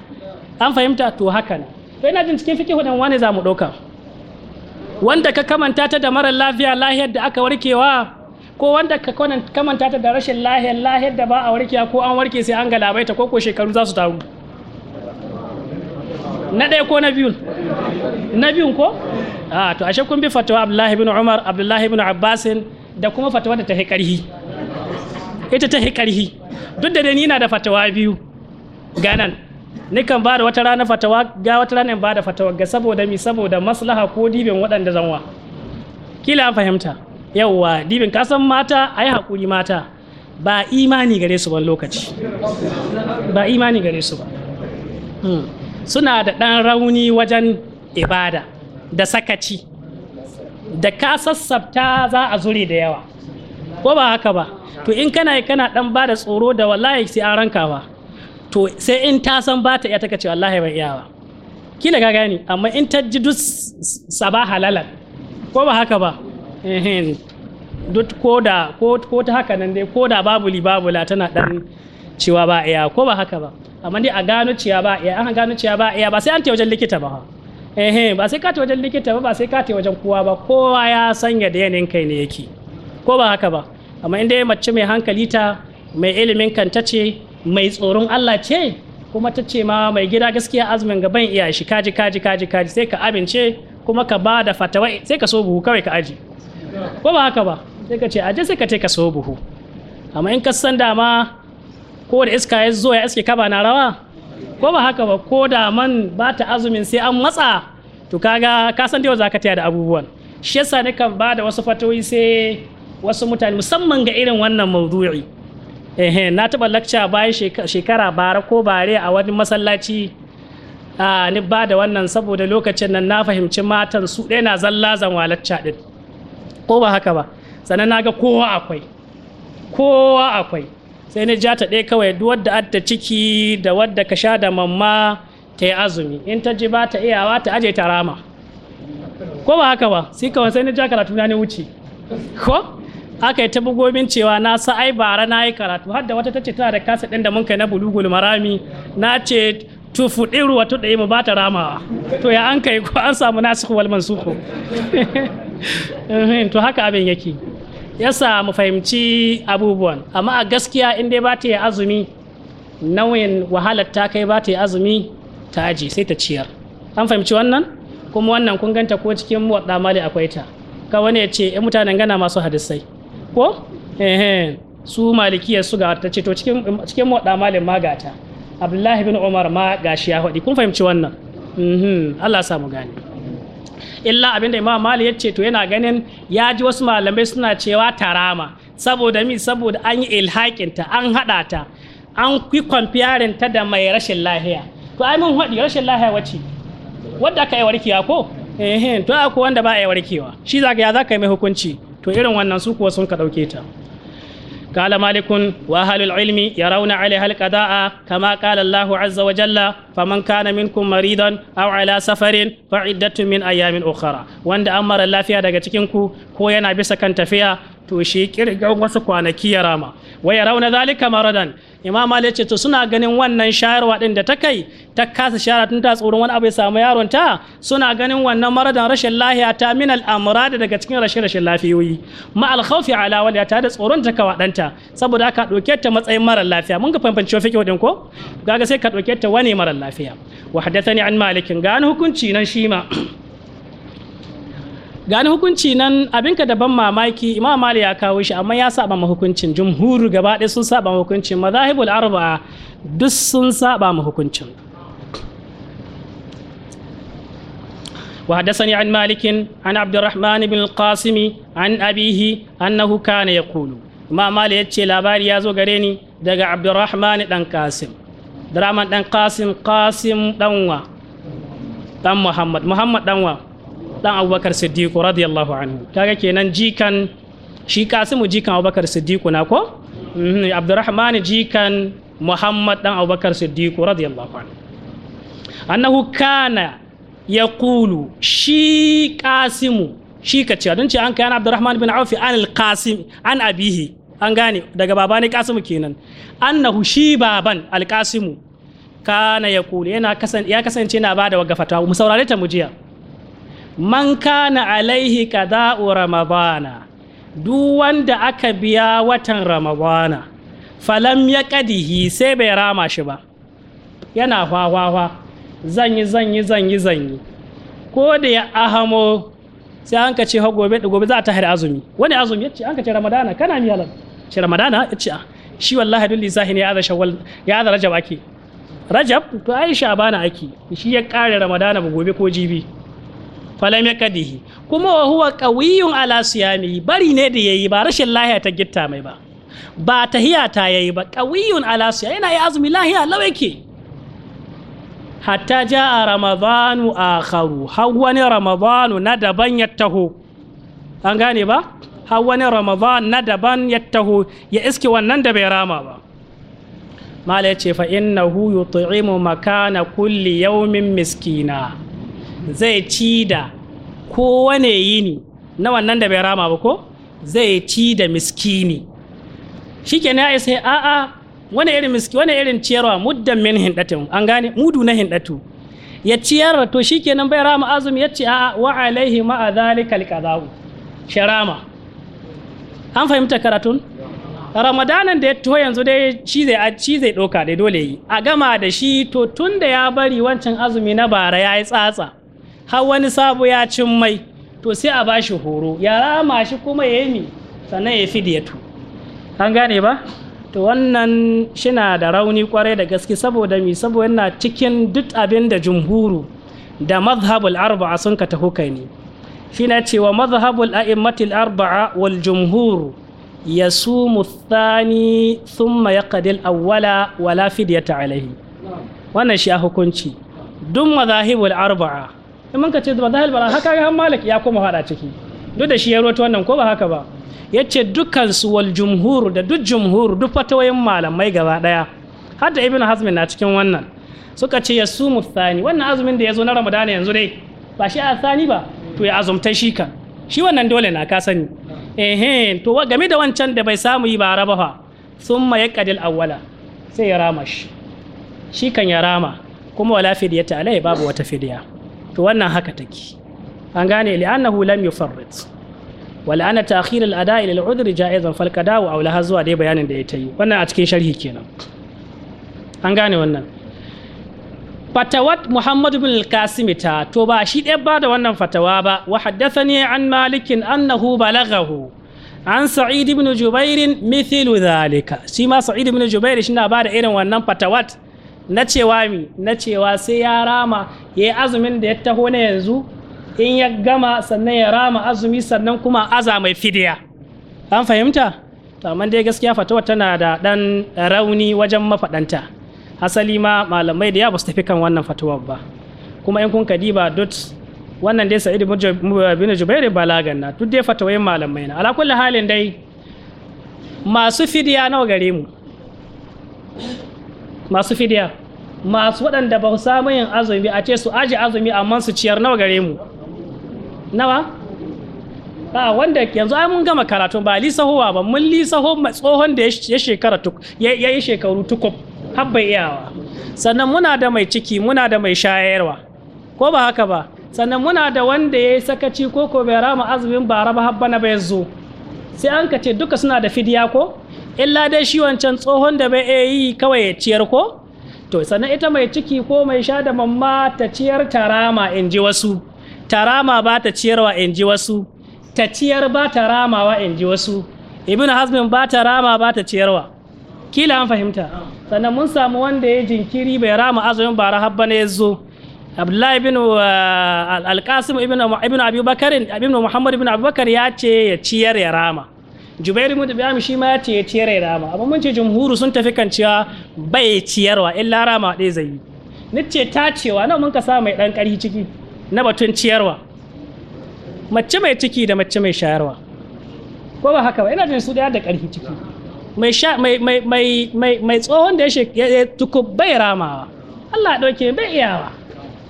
an fahimta to haka ne to ina jin cikin fiki hudan wani za mu ɗauka wanda ka kamanta ta da mara lafiya lahiyar da aka warkewa ko wanda ka kamanta ta da rashin lahiyar lahiyar da ba a warkewa ko an warke sai an galabaita ko ko shekaru za su taru na ɗaya ko na biyun na biyun ko a to ashe kun bi fatawa abdullahi bin umar abdullahi bin abbasin da kuma fatawa da ta hi ƙarhi ita ta hi ƙarhi duk da ni na da fatawa biyu ganan ni kan ba da wata rana fatawa ga wata rana in ba da fatawa ga saboda mi saboda maslaha ko dibin waɗanda zanwa kila an fahimta yawwa dibin kasan mata a yi haƙuri mata ba imani gare su ban lokaci ba imani gare su ba hmm. suna da ɗan rauni wajen ibada da sakaci da ka sassabta za a zure da yawa ko ba haka ba to in kana kana ɗan ba da tsoro da wallahi sai an ranka ba to sai in ta san ba ta iya taka ce wallahi ba iya ba kila ka gani amma in ta ji duk saba halalan ko ba haka ba duk ko ta haka nan dai ko da babu babula tana dan cewa ba iya ko ba haka ba amma dai a gano cewa ba iya an gano cewa ba iya ba sai an ta wajen likita ba ba sai ka ta wajen likita ba ba sai ka ta wajen kowa ba kowa ya sanya da yanayin kai ne yake ko ba haka ba amma inda ya mace mai hankali ta mai ilimin kanta ce mai tsoron Allah ce kuma ta ce ma mai gida gaskiya azumin gaban iya shi kaji kaji kaji kaji sai ka amince kuma ka ba da fatawa sai ka so buhu kawai ka aji ko ba haka ba sai ka ce aje sai ka teka so buhu amma in ka san dama ko da iska ya zo ya iske kaba na rawa ko ba haka ba ko da man ba ta azumin sai an matsa to kaga ka san dai za ka taya da abubuwan shi yasa nakan ba da wasu fatoyi sai wasu mutane musamman ga irin wannan mawdu'i eh na taba lakca bayan shekara bara ko bare a wani masallaci ni ba da wannan saboda lokacin nan na fahimci matan su ɗaya na zalla zanwa lacca din ko ba haka ba sannan na ga kowa akwai kowa akwai sai na ja ta ɗaya kawai duk wadda adda ciki da wadda ka sha da mamma ta yi azumi in ta ji ba ta iyawa ta aje ta rama ko ba haka ba sai kawai sai na ja karatu na ne wuce ko aka yi ta bugobin cewa na sa ai bara na yi karatu har da wata ta ce tana da kasa ɗin da mun kai na bulugul marami na ce tufu ɗin ruwa tuɗa yi mu ba ta ramawa to ya an kai ko an samu nasu wal mansuku Eh, to haka abin yake yasa mu fahimci abubuwan amma a gaskiya in dai ba ta yi azumi nauyin wahalar ta kai ba ta yi azumi ta aji sai ta ciyar an fahimci wannan kuma wannan kun ganta ko cikin waɗa mali akwai ta ka wani ya ce yan mutanen gana masu hadisai ko eh, su malikiyar su ga ta ce to cikin cikin muwadda malin ma gata abdullahi bin umar ma gashi ya faɗi kun fahimci wannan mhm. Allah samu gani illa abinda imam mali ya ce to yana ganin ya ji wasu malamai suna cewa tarama saboda mi saboda an yi ilhakinta an haɗa ta an kwi kwamfiyarin ta da mai rashin lahiya to ai mun haɗi rashin lahiya wace wadda aka yi warkewa ko eh to akwai wanda ba a yi warkewa shi zaka ya zaka yi mai hukunci to irin wannan su kuwa sun ka ɗauke ta قال مالك وأهل العلم يرون عليها القضاء كما قال الله عز وجل فمن كان منكم مريضا أو على سفر فعدة من أيام أخرى وند أمر الله فيها دقا تكينكو كو ينا بسا كان تفيا to shi kirgan wasu kwanaki ya rama wa ya rauna zalika maradan imam malik ce to suna ganin wannan shayarwa din da ta kai ta kasa shayarwa tun ta tsoron wani abu ya samu yaron ta suna ganin wannan maradan rashin lahiya ta min al daga cikin rashin rashin lafiyoyi ma al khawfi ala waliya ta da tsoron ta kawa danta saboda aka dauke ta matsayin mara lafiya mun ga fanfanci fiqh din ko kaga sai ka doke ta wani mara lafiya wa hadathani an malikin ga an hukunci nan shi ma gani hukunci nan abinka da ban mamaki imam mali ya kawo shi amma ya saba ma hukuncin jumhuru gaba ɗaya sun saba ma hukuncin mazahibul arba duk sun saba ma hukuncin وحدثني عن مالك عن عبد الرحمن بن القاسم عن أبيه أنه كان يقول ما مالي يتشي لاباري يازو غريني دقى عبد الرحمن بن قاسم بن قاسم قاسم دنوا محمد محمد دنوا dan abubakar siddiq radiyallahu anhu kaga kenan jikan shi kasimu jikan abubakar siddiq na ko mhm, abdurrahman jikan muhammad dan abubakar siddiq radiyallahu anhu annahu kana yaqulu shi kasimu shi ka cewa don ce an kai abdurrahman bin awfi an alqasim an abihi an gane daga baba ne kasimu kenan annahu shi baban alqasimu kana yaqulu yana kasance yana bada wagafata mu saurare ta mujiya man kana alaihi qada'u ramadana duk wanda aka biya watan ramadana falam ya kadihi sai bai rama shi ba yana hwahwahwa zanyi zanyi zanyi zanyi ko da ya ahamo sai an ka ce ha gobe da gobe za ta hada azumi wani azumi ce an ka ce ramadana kana mi halal ce ramadana yace a ah, shi wallahi dun lisahi ne ya aza ya rajab ake rajab to ba na ake shi ya kare ramadana ba gobe ko jibi falam yakadihi kuma wa huwa qawiyyun ala siyamihi bari ne da yayi ba rashin lahiya ta gitta mai ba ba tahiya ta yayi ba qawiyyun ala siyamihi yana yi azumi lahiya law yake hatta jaa ramadanu akharu har ramadanu na daban an gane ba har ramadan na daban ya taho ya iske wannan da bai rama ba mala ya ce fa innahu yut'imu makana kulli yawmin miskina zai ci da kowane yini na wannan da bai rama ba ko zai ci da miskini shi ke na sai a'a wani irin miski wani irin ciyarwa muddan min hindatin an gane mudu na hindatu ya ciyar to shi kenan bai rama azumi ya ce a'a wa alaihi ma'a zalika alqada'u sharama an fahimta karatun ramadanan da ya tuho yanzu dai shi zai ci zai doka dai dole yi a gama da shi to tun da ya bari wancan azumi na bara ya yi tsatsa har wani sabu ya cin mai to sai a bashi horo ya rama shi kuma ya yi sannan ya fi diyatu an gane ba to wannan shina da rauni kwarai da gaske saboda mi saboda yana cikin duk abin da jumhuru da mazhabul arba'a sun ka taho kai ne shi na cewa mazhabul a'immatil arba'a wal jumhuru yasumu sun thumma yaqdil awwala wala fidyata alaihi wannan shi a hukunci duk mazahibul arba'a in mun ka ce ba zahil bala haka ga malik ya koma hada ciki duk da shi ya roto wannan ko ba haka ba yace dukkan su wal jumhur da duk jumhur duk fatawayin malamai gaba daya har da ibnu na cikin wannan suka ce ya su wannan azumin da ya zo na ramadana yanzu dai ba shi a tsani ba to ya azumta shi kan shi wannan dole na ka sani to game da wancan da bai samu yi ba raba fa summa yaqdil awwala sai ya rama shi shi kan ya rama kuma wala fidiyata alai babu wata fidiya to wannan haka take an gane li'annahu lam yufarrit wa la'anna ta'khir al-ada'i lil udri ja'izan fal qada'u aw laha zuwa dai bayanin da ya tayi wannan a cikin sharhi kenan an gane wannan fatawat muhammad bin al-qasim ta to ba shi ɗaya ba da wannan fatawa ba wa haddathani an malikin annahu balaghahu an sa'id ibn jubair mithlu dhalika shi ma sa'id ibn jubair shi na ba da irin wannan fatawat na cewa mi na cewa sai ya rama ya yi azumin da ya taho na yanzu in ya gama sannan ya rama azumi sannan kuma aza mai fidiya an fahimta to amma dai gaskiya fatawa tana da dan rauni wajen mafaɗanta asali ma malamai da ya ba su tafi kan wannan fatawa ba kuma in kun kadiba dot wannan dai sa'id bin jubairu balagan na duk dai fatawayin malamai na ala kulli halin dai masu fidiya nawa gare mu masu fidiya masu waɗanda ba su yin azumi a ce su aji azumi amma su ciyar nawa gare mu nawa a wanda yanzu ai mun gama karatu ba lisahowa ba mun lisaho tsohon da ya shekara ya yi shekaru tukub har iyawa sannan muna da mai ciki muna da mai shayarwa ko ba haka ba sannan muna da wanda ya yi sakaci ko ko bai rama azumin ba ba habba na bai zo sai an ka ce duka suna da fidiya ko illa dai shi wancan tsohon da bai yi kawai ya ciyar ko to sannan ita mai ciki ko mai sha da mamma ta ciyar tarama in ji wasu tarama ba ta ciyarwa in ji wasu ta ciyar ba ta ramawa in ji wasu ibn hazmin ba ta rama ba ta ciyarwa kila an fahimta sannan mun samu wanda ya jinkiri bai rama azumin bara habba ne ya zo abdullahi ibn uh, alqasim ibn ibn abi ibn muhammad ibn abubakar ya ce ya ciyar ya rama jubairu da mu shi ma ya ce ya ciyar ya rama amma mun ce jumhuru sun tafi kan cewa bai ciyarwa illa rama ɗaya zai yi ni ce ta cewa nan mun ka sa mai ɗan ƙarfi ciki na batun ciyarwa mace mai ciki da mace mai shayarwa ko ba haka ba ina jin su da da ƙarfi ciki mai mai mai mai mai tsohon da ya tuku bai ramawa Allah ɗauke bai iyawa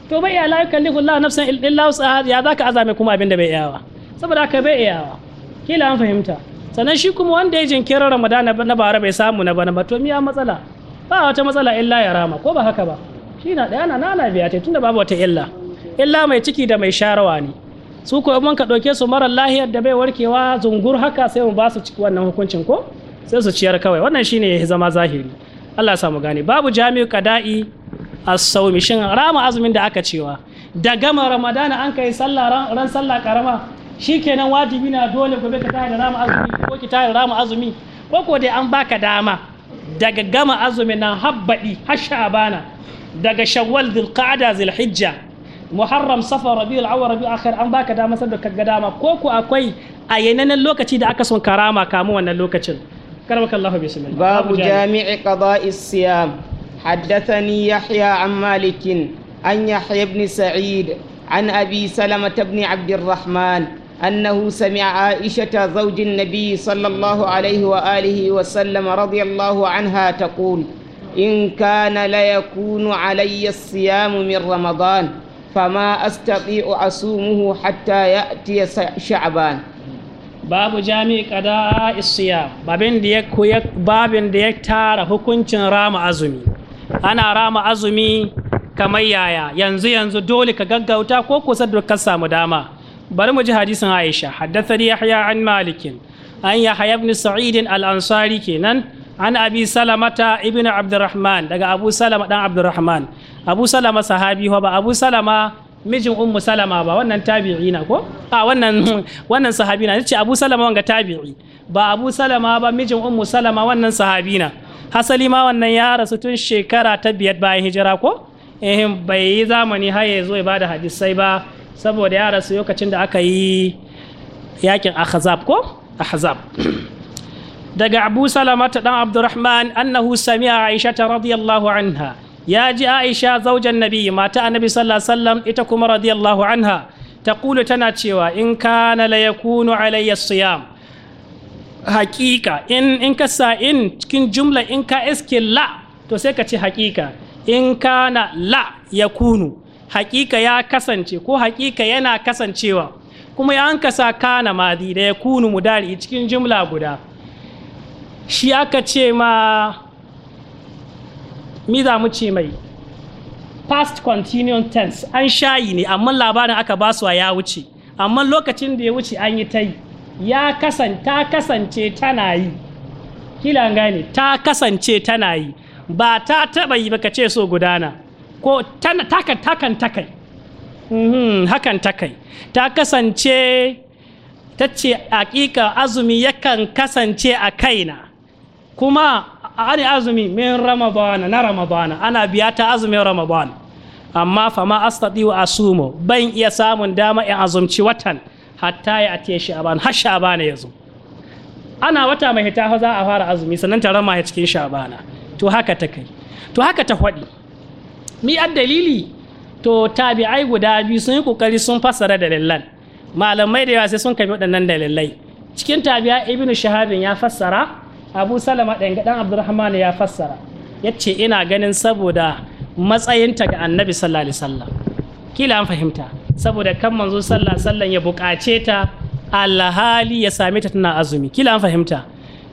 to bai iya la yukallifu Allah nafsan illa wusaha ya zaka azame kuma abin da bai iyawa saboda haka bai iyawa kila an fahimta sannan shi kuma wanda ya jinkirin ramadana na bara bai samu na bana ba to miya matsala ba wata matsala illa ya rama ko ba haka ba shi na ɗaya na nana biya ta tunda babu wata illa illa mai ciki da mai sharawa ne su ko mun ka ɗauke su mara lahiyar da bai warkewa zungur haka sai mu ba su ciki wannan hukuncin ko sai su ciyar kawai wannan shine ya zama zahiri Allah ya samu gane babu jami'u kada'i as-sawmi shin rama azumin da aka cewa da gama ramadana an kai sallah ran sallah karama shikenan wajibi na dole gobe ka tayar da rama azumi ko ki tayar rama azumi ko ko dai an baka dama daga gama azumi na habbaɗi har bana daga shawwal dhulqa'da zulhijja muharram safar rabiul awwal rabiul akhir an baka dama sai ka kaga dama ko ko akwai nan lokaci da aka son karama kamu wannan lokacin كرمك الله بسم الله باب جامع قضاء الصيام حدثني يحيى عن مالك عن يحيى بن سعيد عن أبي سلمة بن عبد الرحمن أنه سمع عائشة زوج Nabiyyu صلى الله عليه وآله وسلم رضي الله عنها تقول إن كان ليكون علي الصيام من رمضان فما أستطيع أصومه حتى يأتي شعبان babu jami kada isiya babin da ya koya da ya tara hukuncin rama azumi ana rama azumi kamar yaya yanzu yanzu dole ka gaggauta ko kusa da ka samu dama bari mu ji hadisin Aisha haddathani Yahya an malikin an Yahya ibn Sa'id al-Ansari kenan an Abi Salamata ibn Abdurrahman daga Abu Salama dan Abdurrahman Abu Salama sahabi ba Abu Salama mijin ummu salama ba wannan tabi'i na ko a wannan wannan sahabi na nace abu salama wanga tabi'i ba abu salama ba mijin ummu salama wannan sahabi na hasali ma wannan ya rasu tun shekara ta biyar bayan hijira ko eh bai yi zamani har ya zo ya bada hadisai ba saboda ya rasu lokacin da aka yi yakin ahzab ko ahzab daga abu salamata dan abdurrahman annahu sami'a aisha radiyallahu anha ya ji aisha zaujan nabi mata annabi sallallahu alaihi wasallam ita kuma radiyallahu anha taqulu tana cewa in kana la yakunu alayya siyam hakika in in ka sa in cikin jumla in ka iske la to sai ka ce hakika in kana la yakunu haƙiƙa ya kasance ko haƙiƙa yana kasancewa kuma ya an sa kana madi da ya kunu mudari cikin jumla guda shi aka ce ma mi za mu ce mai past continuous tense an shayi ne amma labarin aka basuwa ya wuce amma lokacin da ya wuce an yi ta yi ya kasanta kasance tana yi kila gane ta kasance tana yi ba ta taɓa yi ba ka ce so gudana ko takan takai mhm, hakan takai ta kasance ta ce aƙiƙa azumi yakan kasance a kaina kuma ani azumi min ramadana na ramadana ana biya ta azumin ramadana amma fa ma astati wa asumo ban iya samun dama in azumci watan hatta ya atiye sha'ban har sha'bana ya zo ana wata mai hita za a fara azumi sannan ta rama cikin sha'bana to haka ta kai to haka ta faɗi mi dalili to tabi'ai guda biyu sun yi kokari sun fassara dalilan malamai da yawa sai sun kafi waɗannan dalilai cikin tabi'a ibnu shahabin ya fassara abu salama ɗan gaɗan abdurrahman ya fassara ya ce ina ganin saboda matsayinta ga annabi sallallahu alaihi wasallam kila an fahimta saboda kan manzo sallallahu ya buƙace ta alhali ya same ta tana azumi kila an fahimta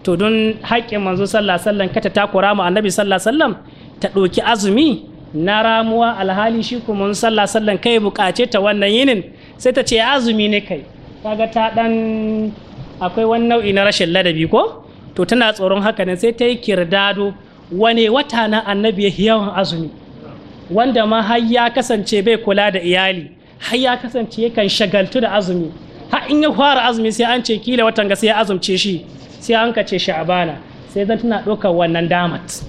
to don haƙƙin manzo sallallahu sallan kata takura mu annabi sallallahu sallam ta ɗauki azumi na ramuwa alhali shi kuma mun salla sallan kai bukace ta wannan yinin sai ta ce azumi ne kai kaga ta dan akwai wani nau'i na rashin ladabi ko to tana tsoron haka ne sai ta yi kirdado wane wata na annabi ya yawan azumi wanda ma har ya kasance bai kula da iyali har ya kasance yakan shagaltu da azumi har in ya fara azumi sai an ce kila watan ga sai ya azumce shi sai an kace sha'abana sai zan tana ɗaukar wannan damat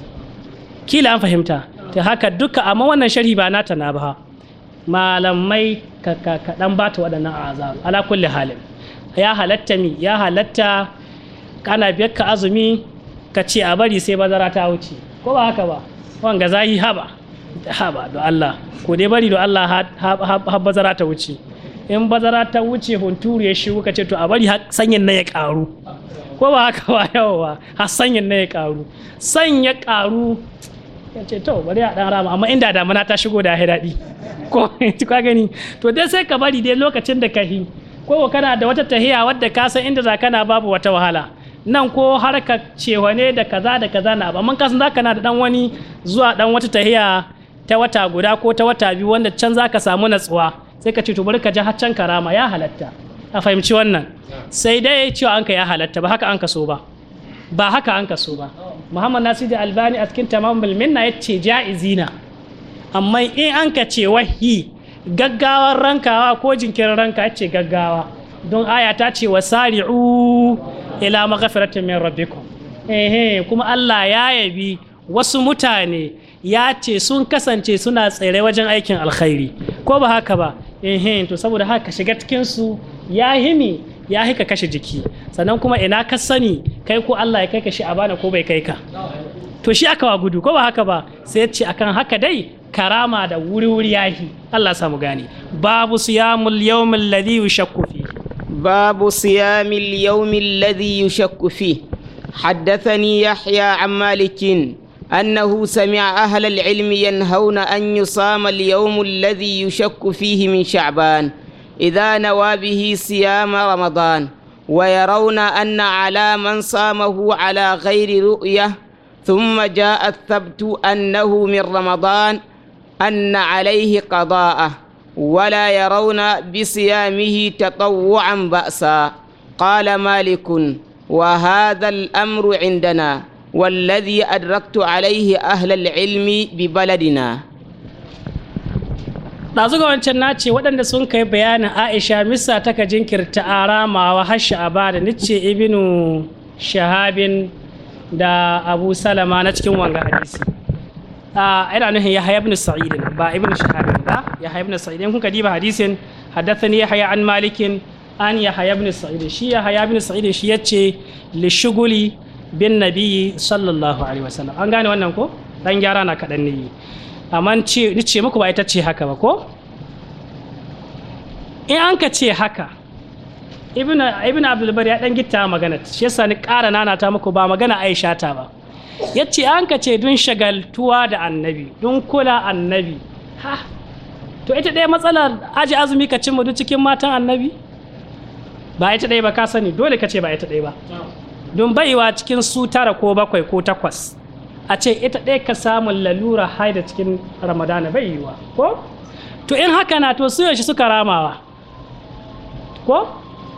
kila an fahimta ta haka duka amma wannan sharhi ba nata na ba malamai ka kaɗan ba ta waɗannan azaru ala kulli halin ya halatta mi ya halatta kana biyar ka azumi ka ce a bari sai bazara ta wuce ko ba haka ba wanga zahi haba haba do Allah ko dai bari do Allah har bazara ta wuce in bazara ta wuce hunturu ya shigo ka ce to a bari sanyin na ya karu ko ba haka ba yawa har sanyin na ya karu san ya karu ya ce to bari a dan rama amma inda damuna ta shigo da daɗi ko ka gani to dai sai ka bari dai lokacin da ka hi ko kana da wata tahiya wadda ka san inda za kana babu wata wahala nan ko harka cewa ne da kaza da kaza na ba mun san zaka na da dan wani zuwa dan wata tahiya ta wata guda ko ta wata biyu wanda can zaka samu natsuwa sai ka ce to bari ka ji haccan karama ya halatta a fahimci wannan sai dai cewa anka ya halatta ba haka anka so ba ba haka anka so ba muhammad nasir albani a cikin tamamul minna ya ce ja'izina amma in an ka ce wahi gaggawar rankawa ko jinkirin ranka ya ce gaggawa don aya ta ce wa sari'u ila maghfiratin min rabbikum eh kuma Allah ya yabi wasu mutane ya ce sun kasance suna tsere wajen aikin alkhairi ko ba haka ba eh to saboda haka shiga cikin ya himi ya hika kashe jiki sannan kuma ina ka sani kai ko Allah ya kai ka shi a bana ko bai kai ka to shi aka wa gudu ko ba haka ba sai ya ce akan haka dai karama da wuri wuri yahi Allah samu gane babu siyamul yawmil ladhi yushakku fi babu siyamil yawmil ladhi yushakku fi حدثني يحيى عن مالك أنه سمع أهل العلم ينهون أن يصام اليوم الذي يشك فيه من شعبان إذا نوى به صيام رمضان ويرون أن على من صامه على غير رؤية ثم جاء الثبت أنه من رمضان أن عليه قضاءه ولا يرون بصيامه تطوعا بأسا قال مالك وهذا الأمر عندنا والذي أدركت عليه أهل العلم ببلدنا ɗazu ga wancan nace waɗanda sun kai bayanin aisha misa taka jinkirta aramawa har sha'aba da nice ibinu shahabin da abu salama na cikin wanga hadisi a ina nuhin ya haya ibn sa'idin ba ibnu shahabin ba ya haya ibn sa'idin kun diba hadisin haddathani ya haya an malikin an ya haya ibn sa'idin shi ya haya ibn sa'idin shi yace li shuguli bin nabiyyi sallallahu alaihi wasallam an gane wannan ko dan gyara na kadan ne amma ni ce muku ba ita ce haka ba ko in an ka ce haka ibn abdulbar abdul bari ya dan gitta magana shi yasa ni ƙara nanata muku ba magana aisha ta ba ce an ka ce dun shagaltuwa da annabi dun kula annabi ha to ita ɗaya matsalar aji azumi ka cimma duk cikin matan annabi ba ita ɗaya ba ka sani dole ka ce ba ita ɗaya ba Dun baiwa cikin su tara ko bakwai ko takwas a ce ita ɗaya ka samun lalura haida cikin ramadana bai yiwa ko to in haka na to su yaushe suka ramawa ko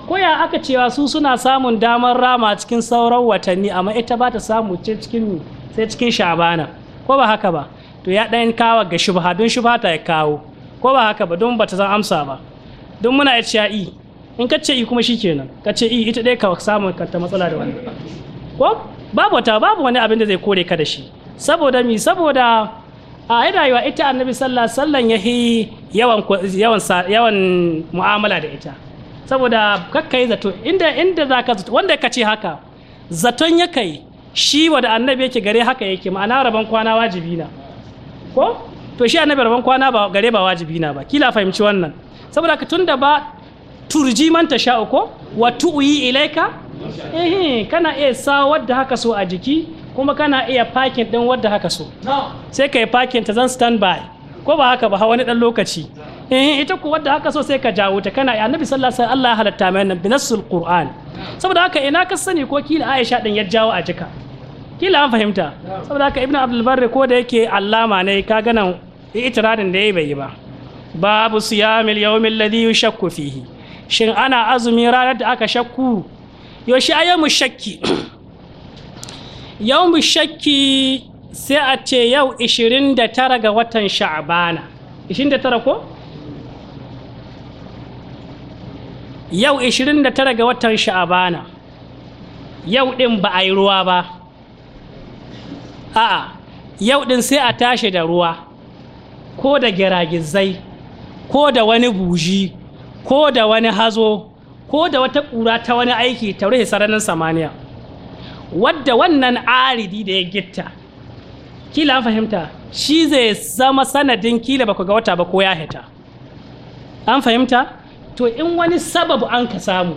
ko ya aka cewa su suna samun damar rama cikin sauran watanni amma ita ba ta samu ce cikin sai cikin shabana ko ba haka ba to ya ɗayan kawa ga shubha don shubha ta ya kawo ko ba haka ba don ba ta zan amsa ba don muna ya ciya i in ka ce i kuma shikenan ka ce i ita ɗaya ka samu ka ta matsala da wannan ko babu wata babu wani abin da zai kore ka da shi saboda mi saboda a yi rayuwa ita annabi sallah sallan ya yi yawan yawan mu'amala da ita saboda kakkai zato inda inda zaka zato wanda ka ce haka zaton ya kai shi da annabi yake gare haka yake ma'ana rabon kwana wajibi na ko to shi annabi rabon kwana ba gare ba wajibi na ba kila fahimci wannan saboda ka tunda ba turji man tasha'u ko wa tu'yi ilaika kana iya sa wadda haka so a jiki kuma kana iya pakin din wadda haka so sai ka yi pakin ta zan by ko ba haka ba ha wani dan lokaci eh ita ku wadda haka so sai ka jawo ta kana annabi sallallahu alaihi wasallam Allah halatta mai nan binasul qur'an saboda haka ina ka sani ko kila Aisha din ya jawo a jika kila an fahimta saboda haka ibnu abdul barri ko da yake allama ne ka ga nan itiradin da yayi bai yi ba babu siyamil yawmil ladhi yushakku fihi shin ana azumi ranar da aka shakku yaushe a yau shakki yau mu shakki sai a ce yau 29 ga watan sha'abana 29 ko? yau 29 ga watan sha'abana yau ɗin ba a yi ruwa ba a'a yau ɗin sai a tashi da ruwa ko da giragizai ko da wani buji ko da wani hazo ko da wata ƙura ta wani aiki ta rufe sararin samaniya wadda wannan aridi da ya gitta kila an fahimta shi zai zama sanadin kila ba ku ga wata ba ko ya hita an fahimta to in wani sababu an ka samu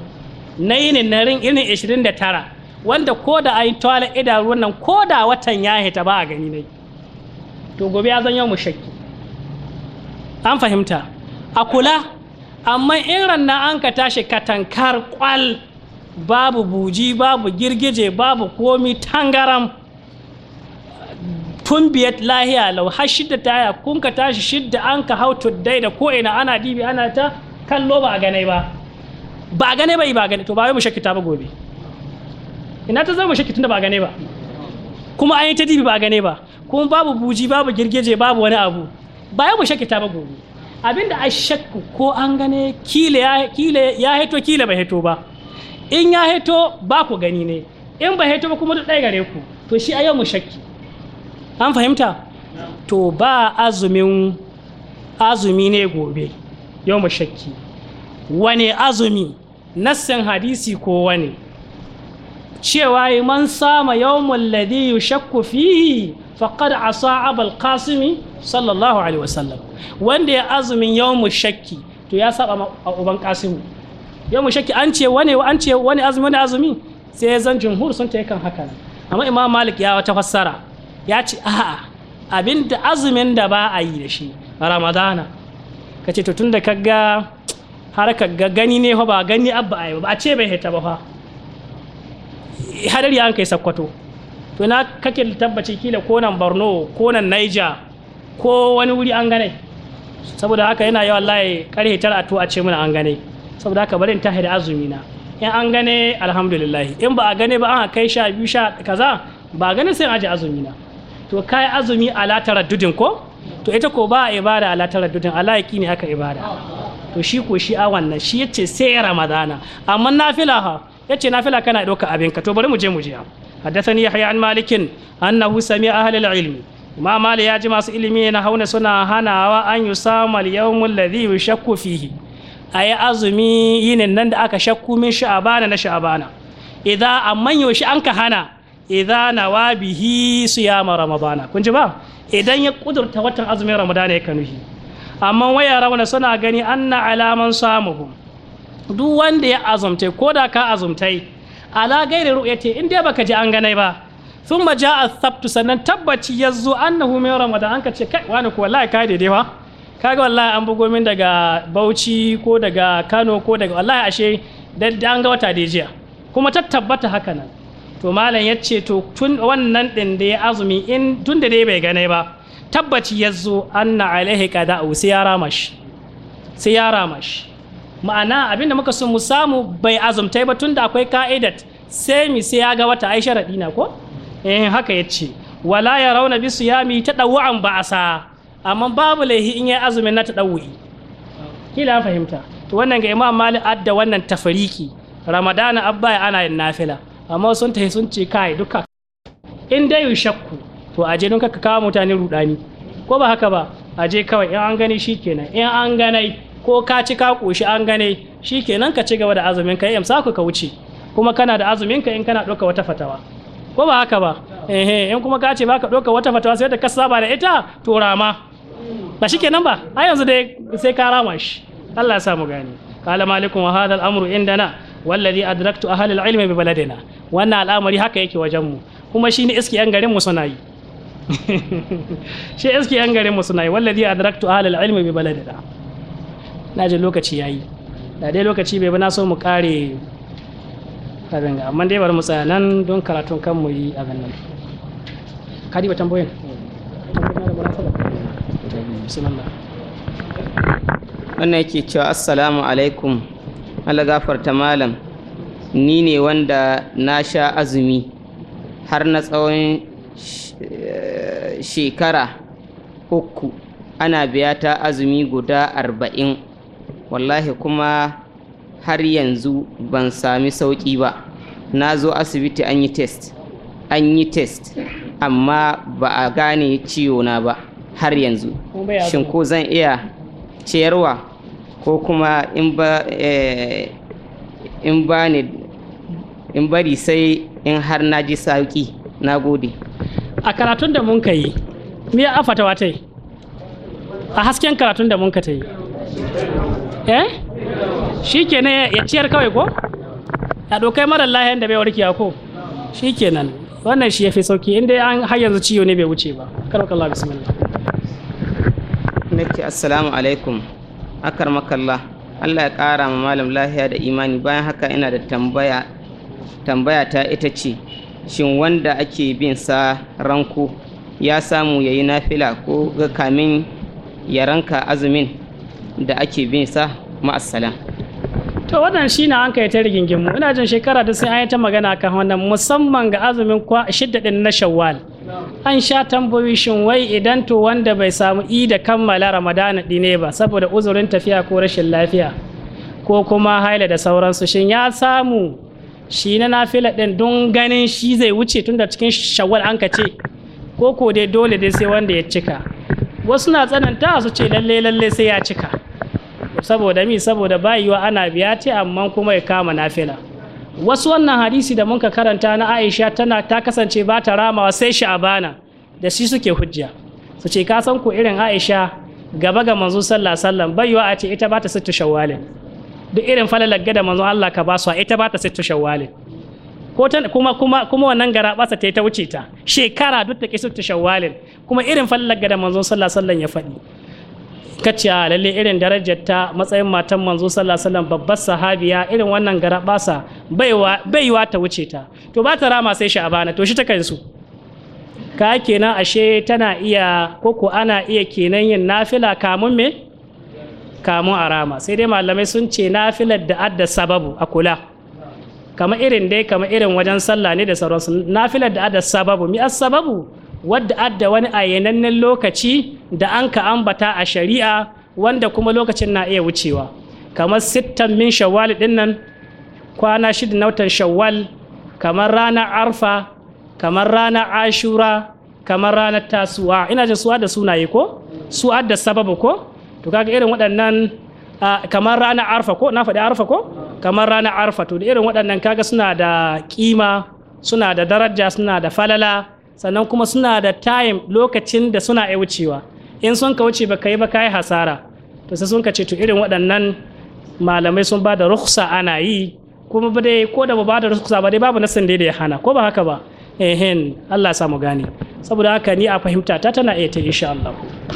na yinin na rin irin 29 wanda ko da an yi tuwala idanun nan ko da watan ya hita ba a gani ne to gobe ya zan yau mu shakki an fahimta a kula amma in ranna an ka tashi katankar kwal babu buji babu girgije babu komi tangaram tun biyar lahiya lau har shidda taya kun ka tashi shidda an ka hau tuddai da ko ina ana dibi ana ta kallo ba a gane ba ba a gane ba ba a gane to ba yi mu shakita ba gobe ina ta zama shakki tunda ba a gane ba kuma an yi ta dibi ba a gane ba kuma babu buji babu girgije babu wani abu ba yi mu shakita ba gobe abinda a shakku ko an gane kila ya heto kila bai heto ba in ya heto ba ku gani ne in bai heto ba kuma duk ɗaya gare ku to shi a yau mu shakki an fahimta to ba azumi ne gobe yau mu shakki wane azumi nassin hadisi ko wane cewa man sama yawmul ladhi yushakku fihi faqad asa abal qasimi sallallahu alaihi wasallam wanda ya azumin yawmu shakki to ya saba uban qasimu yawmu shakki an ce wani an ce wani azumi wani azumi sai zan jumhur sun ta kan haka amma imam malik ya wata fassara ya ce a'a abinda azumin da ba a yi da shi ramadana kace to tunda ka ga ka ga gani ne ba gani abba ayi ba a ce bai hita ba fa hadari an kai sakkwato to na kake tabbaci kila ko nan Borno ko nan Niger ko wani wuri an gane saboda haka yana yawan layi karhe tara to a ce mana an gane saboda haka barin ta da azumi na in an gane alhamdulillah in ba a gane ba an kai sha biyu sha kaza ba a gane sai aje azumi na to kai azumi ala taraddudin ko to ita ko ba a ibada ala taraddudin Allah ya ne aka ibada to shi ko shi a wannan shi yace sai ramadana amma nafila ha yace nafila kana dauka abinka to bari mu je mu je حدثني يحيى عن مالك أنه سمع أهل العلم ما مال يا جماعة إلمين هون سنة هنا أن يصام اليوم الذي يشك فيه أي أزمي ينن أك شك من شعبان لشعبان إذا أمن يوش أنك هنا إذا نوى به صيام رمضان كنت با إذا يقدر توتر أزمي رمضان يكنوه أما ويا رونا سنة غني أن على من صامهم duk wanda ya azumtai ko da ka azumtai ala gairi ru'yati in dai baka ji an ganai ba sun thumma ja'a sabtu sannan tabbaci na annahu min ramadan an ka ce kai wani ko wallahi ka daidai ba kaga wallahi an bugo min daga Bauchi ko daga Kano ko daga wallahi ashe da an ga wata da jiya kuma ta tabbata haka nan to malam ya ce to tun wannan din da ya azumi in tun da dai bai ganai ba tabbaci yazzo anna alaihi qada'u sai ya rama sai ya rama ma'ana abin da muka so mu samu bai azumtai ba tunda akwai ka'idat sai mi sai ya ga wata aisha radina ko eh haka yace wala ya rauna bi siyami dawu'an ba asa amma babu laihi in ya azumin na ta dawu'i kila fahimta to wannan ga imam malik adda wannan tafariki ramadana abba ana yin nafila amma sun tahi sun ce kai duka in dai shakku to aje nuka ka kawo mutane rudani ko ba haka ba aje kawai in an gani shikenan in an ganai ko ka ci ka ƙoshi an gane shi kenan ka ci gaba da azumin ka yamsa ku ka wuce kuma kana da azumin ka in kana ɗauka wata fatawa ko ba haka ba in kuma ka ce ka ɗauka wata fatawa sai da ka saba da ita to rama ba shi kenan ba a yanzu dai sai ka rama shi Allah ya sa mu gane malikun wa hadha al-amru indana wallazi adraktu ahli al-ilmi bi baladina wannan al'amari haka yake wajen mu kuma shi ne iski yan garin mu suna yi shi iski yan garin mu suna yi wallazi adraktu ahli al-ilmi bi baladina na ji lokaci ya yi da dai lokaci bai ba na so mu kare abin ga amma dai bari mu tsaya nan don karatun kan mu yi abin nan ka diba tambayoyin wannan yake cewa assalamu alaikum Allah gafarta malam ni ne wanda na sha azumi har na tsawon eh, shekara uku ana biya ta azumi guda arba'in wallahi kuma har yanzu ban sami sauƙi ba na zo asibiti an yi test an yi test amma ba a gane ciwo na ba har yanzu shin ko zan iya ciyarwa ko kuma eh, in ba ni in bari sai in har na ji sauki na gode a karatun da mun ka yi miya a fatawa ta yi a hasken karatun da mun ka ta yi eh shikenan ya ciyar kawai ko ya dokai mara lahiyar da bai warkiya ko shikenan wannan shi ya fi sauki inda an har yanzu ciwo ne bai wuce ba karwakallah bismillah nake assalamu alaikum akar makalla Allah ya ƙara ma malam lahiya da imani bayan haka ina da tambaya tambaya ta ita ce shin wanda ake bin sa ranko ya samu ya yi nafila ko ga kamin ya ranka azumin da ake bin sa ma'asala to wannan shi na an kai ta rigingimu ina jin shekara da sai an yi ta magana kan wannan musamman ga azumin kwa shidda din na shawwal an sha tambayoyi shin wai idan to wanda bai samu i da kammala ramadana dine ba saboda uzurin tafiya ko rashin lafiya ko kuma haila da sauransu shin ya samu shi na nafila ɗin don ganin shi zai wuce tun da cikin shawwal an kace ce ko ko dai dole dai sai wanda ya cika wasu na tsananta su ce lalle lalle sai ya cika saboda mi saboda bayiwa ana biya ce amma kuma ya kama nafila wasu wannan hadisi da muka karanta na aisha tana ta kasance ba ta ramawa sai bana da shi suke hujja su ce ka san ku irin aisha gaba ga manzo sallah sallam bayiwa a ce ita ba ta sittu shawwalin duk irin falalagga da manzo Allah ka ba su ita ba ta sittu shawwalin ko ta kuma kuma kuma wannan basa ta ta wuce ta shekara duk ta ki ta shawwalin kuma irin falalagga da manzon sallah sallam ya faɗi kace a ah, lalle irin darajar ta matsayin matan manzo sallallahu alaihi wasallam babbar sahabiya irin wannan garabasa baiwa baiwa ta wuce ta to ba ta rama sai sha'abana to shi ta kansu ka kenan ashe tana iya koko ana iya kenan yin nafila kamun me kamun arama sai dai malamai sun ce nafilar da adda sababu a kula kama irin dai kama irin wajen sallah ne da sauransu nafilar da adda sababu mi as sababu wadda adda wani ayyanannen lokaci da an ka ambata a shari'a wanda kuma lokacin na iya wucewa kamar sittan min shawwal din nan kwana shida na watan shawwal kamar ranar arfa kamar ranar ashura kamar ranar tasuwa ina jin suwa da sunaye ko suwa da sababu ko to kaga irin waɗannan kamar ranar arfa ko na faɗi arfa ko kamar ranar arfa to da irin waɗannan kaga suna da kima suna da daraja suna da falala sannan kuma suna da time lokacin da suna iya wucewa in sun ka wuce baka yi ba kayi hasara to sai sun ka ce to irin waɗannan malamai sun ba da ruksa ana yi kuma ba dai ko da ba da ruksa ba dai babu nasin da ya hana ko ba haka ba ehen Allah samu gane saboda haka ni a fahimta ta tana iya ta insha Allah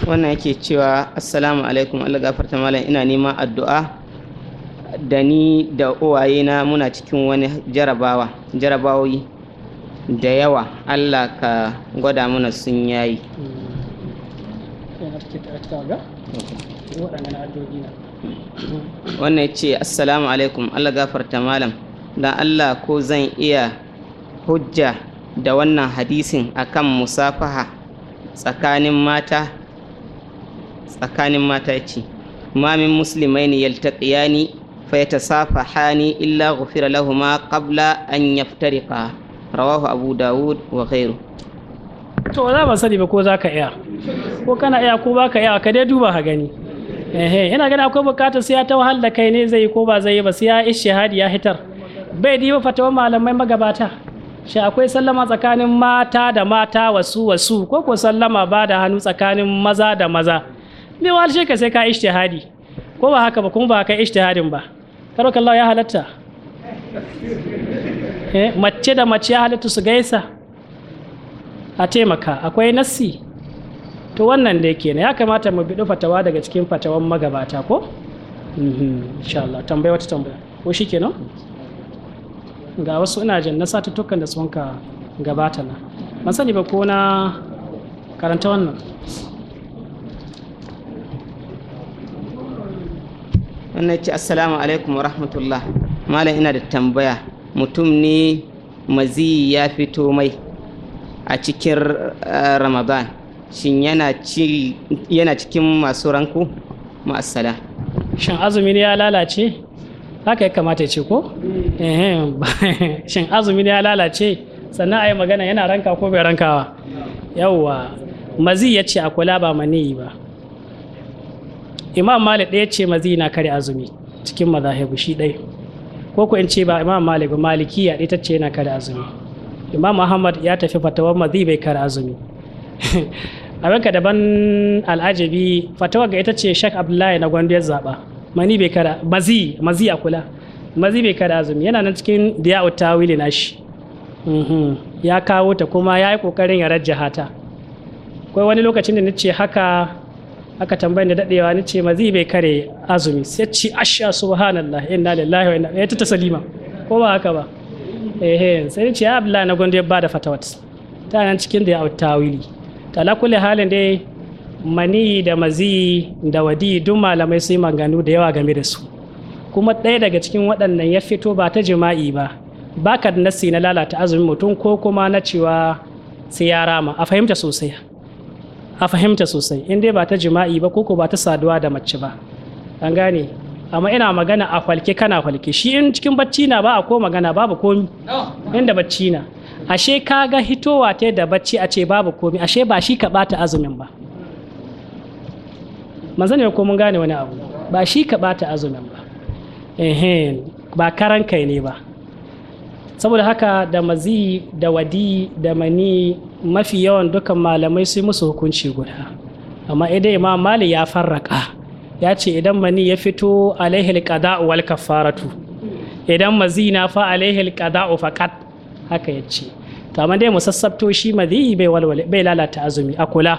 wannan yake cewa assalamu alaikum Allah gafarta malam ina neman addu'a da ni da uwaye na muna cikin wani jarabawa jarabawoyi da yawa Allah ka gwada mana sun yayi wannan ce assalamu alaikum Allah gafarta malam dan Allah ko zan iya hujja da wannan hadisin akan musafaha tsakanin mata tsakanin mata ce mamin musulmai ne yaltaƙiyani fa ya hani illa gufira lahuma ƙabla an yaftarika rawahu abu dawud wa Khairu. to za ba sani ba ko za ka iya ko kana iya ko ba ka iya ka dai duba ka gani ehe yana gani akwai bukatar sai ya ta wahala da kai ne zai ko ba zai yi ba sai ya ishihadi ya hitar bai diba fatawar malamai magabata shi akwai sallama tsakanin mata da mata wasu wasu ko ko sallama ba da hannu tsakanin maza da maza me wahal shi ka sai ka ishtihadi ko ba haka ba kuma ba ka ishtihadin ba tarakallahu ya halatta Eh, mace da mace ya halittu su gaisa a taimaka akwai nassi to wannan da yake ya kamata mu biɗi fatawa daga cikin fatawan magabata ko mhm, insha Allah tambaya wata tambaya ko shi ke ga wasu ina jin na satuttukan da sun ka gabata na masani ba ko na karanta wannan wannan ce assalamu alaikum wa rahmatullah malam ina da tambaya mutum ne Mazi ya fito mai a cikin eh, ramadan shin yana cikin masu ranku ma'asala shin azumi ne ya lalace haka ya kamata ce ko shin azumi ne ya lalace sannan a yi magana yana ranka ko bai rankawa yawwa mazi ya ce a kula ba maniyi ba imam malik ɗaya ce mazi na kare azumi cikin mazahibu shi ɗaya ko ku in ce ba imam malik ba malikiya ita ce yana kare azumi imam muhammad ya tafi fatawar mazi bai kare azumi abin ka daban al'ajabi fatawar ga ita ce shak abdullahi na gwandu ya zaba mani bai kare mazi mazi a kula mazi bai kare azumi yana nan cikin wili tawili shi. Mhm, ya kawo ta kuma ya yi kokarin ya rajjaha ta wani lokacin da ce haka aka tambaye da dadewa ni ce mazi bai kare azumi sai ci asha subhanallah inna lillahi wa inna ilaihi ta Salima ko ba haka ba eh sai ni ce ya abdullahi na gonde ba da fatawat ta nan cikin da ya tawili ta ala kulli halin dai mani da mazi da wadi duk malamai sun maganganu da yawa game da su kuma ɗaya daga cikin waɗannan ya fito ba ta jima'i ba baka da nasi na lalata azumin mutum ko kuma na cewa sai ya rama a fahimta sosai a fahimta sosai in dai ba ta jima'i ba koko ba ta saduwa da mace ba an gane amma ina magana a falke kana falke shi in cikin bacci na ba a ko magana babu komi inda bacci na ashe ka ga hitowa ta da bacci a ce babu komi ashe ba shi ka bata azumin ba manzan ko mun gane wani abu ba shi ka bata azumin ba ba karan kai ne ba saboda haka da mazi da wadi da mani mafi yawan dukan malamai sai musu hukunci guda amma idan imam mali ya farraka ya ce idan mani ya fito alaihil qada'u wal kafaratu idan mazi na fa alaihil qada'u faqat haka ya ce to amma dai musassabto shi mazi bai walwale bai lalata azumi a kula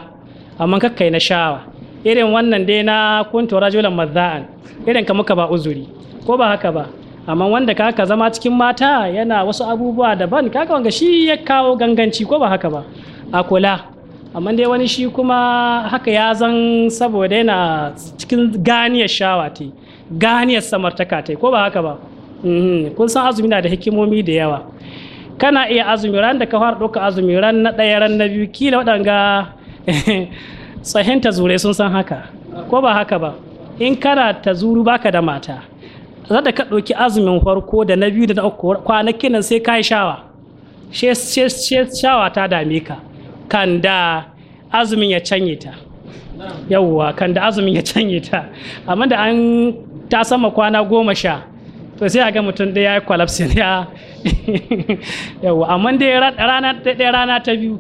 amma kakkai na shawa irin wannan dai na kuntu rajulan mazza'an irin ka muka ba uzuri ko ba haka ba amma wanda kaka zama cikin mata yana wasu abubuwa daban kaka wanga shi ya kawo ganganci ko ba haka ba a kula amma dai wani shi kuma haka ya zan saboda yana cikin ganiyar shawa te ganiyar samartaka te ko ba haka ba mhm. kun san azumi na da hikimomi da yawa kana iya azumi ran da ka fara ɗauka azumi ran na ɗaya ran na biyu kila waɗanga tsahinta zure sun san haka ko ba haka ba in kana ta zuru baka da mata zada ka ɗauki azumin farko da na biyu da na uku kwanakin nan sai ka yi shawa shawa ta dame ka kan da azumin ya canye ta yawwa kan da azumin ya canye ta amma da an ta sama kwana goma sha to sai a ga mutum da ya yi kwalapsin ya yawwa amma dai rana ta biyu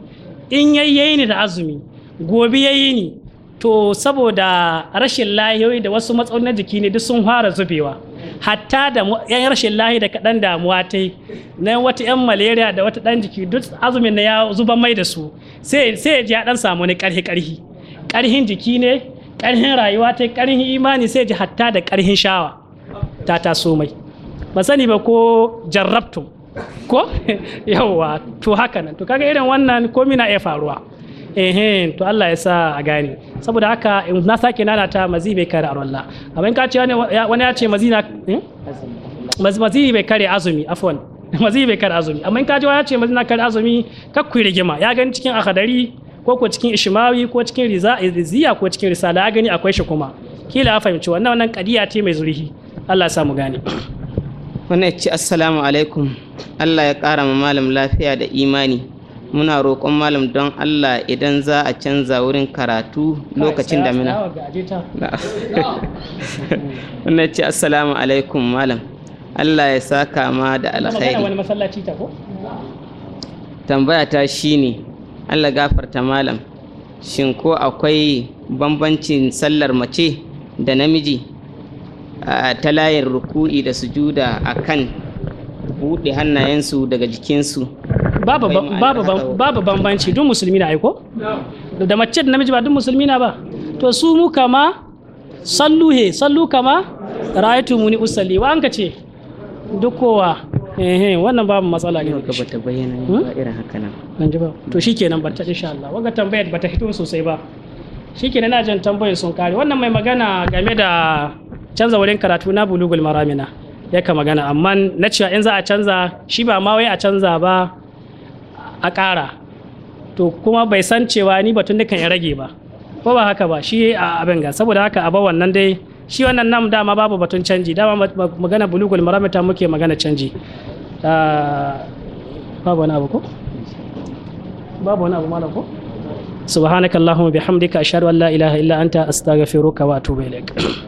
in yayyayi ni da azumi gobe yayi ni to saboda rashin lahiyoyi da wasu matsalolin jiki ne duk sun fara zubewa hatta da yan rashin lahi da kaɗan damuwa ta yi na wata yan malaria da wata ɗan jiki duk azumin na ya zuba mai da su sai ya ji ya ɗan samu ne ƙarhi ƙarhi ƙarhin jiki ne ƙarhin rayuwa ta ƙarhin imani sai ji hatta da ƙarhin shawa ta taso mai ba sani ba ko jarrabtu ko yawwa to haka nan to kaga irin wannan komi na iya faruwa eh to Allah ya sa a gane saboda haka na sake nana ta mazi bai kare arwalla amma in ka ce wani ya ce mazi na eh? mazi bai kare azumi afwan mazi bai kare azumi amma in ka ji wani ya ce mazi na kare azumi ku rigima ya gani cikin akadari ko ko cikin ishmawi ko cikin riziya ko cikin risala ya gani akwai shi kuma kila a fahimci wannan wannan kadiya ce mai zurihi Allah ya sa mu gane wannan ce assalamu alaikum Allah ya ƙara ma malam lafiya da imani muna roƙon malam don Allah idan za a canza wurin karatu lokacin da muna. Wannan ce assalamu alaikum malam Allah ya saka ma da alkhairi tambaya ta shine Allah gafarta malam shin ko akwai bambancin sallar mace da namiji ta layin ruku'i da sujuda a kan buɗe hannayensu daga jikinsu babu bambanci duk musulmi na aiko da mace da namiji ba duk musulmi na ba to su mu kama sallu he sallu kama rayatu muni usali wa an kace duk kowa eh wannan babu matsala ne ka bata bayyana hmm? irin haka nan ban ji ba to shikenan bata insha Allah waga tambayar bata hito sosai ba shikenan na jan tambayar sun kare wannan mai magana game da canza wurin karatu na bulugul maramina ya ka magana amma na cewa in za a canza shi ba ma wai a canza ba a ƙara to kuma bai san cewa ni batun dukan ya rage ba ko ba haka ba shi a abin ga saboda haka a ba wannan dai shi wannan nan dama babu batun canji dama magana bulugul maramita muke magana canji ah, babu wani abu ko babu wani abu malam ko subhanakallahumma bihamdika ashhadu an la ilaha illa anta astaghfiruka wa atubu ilaik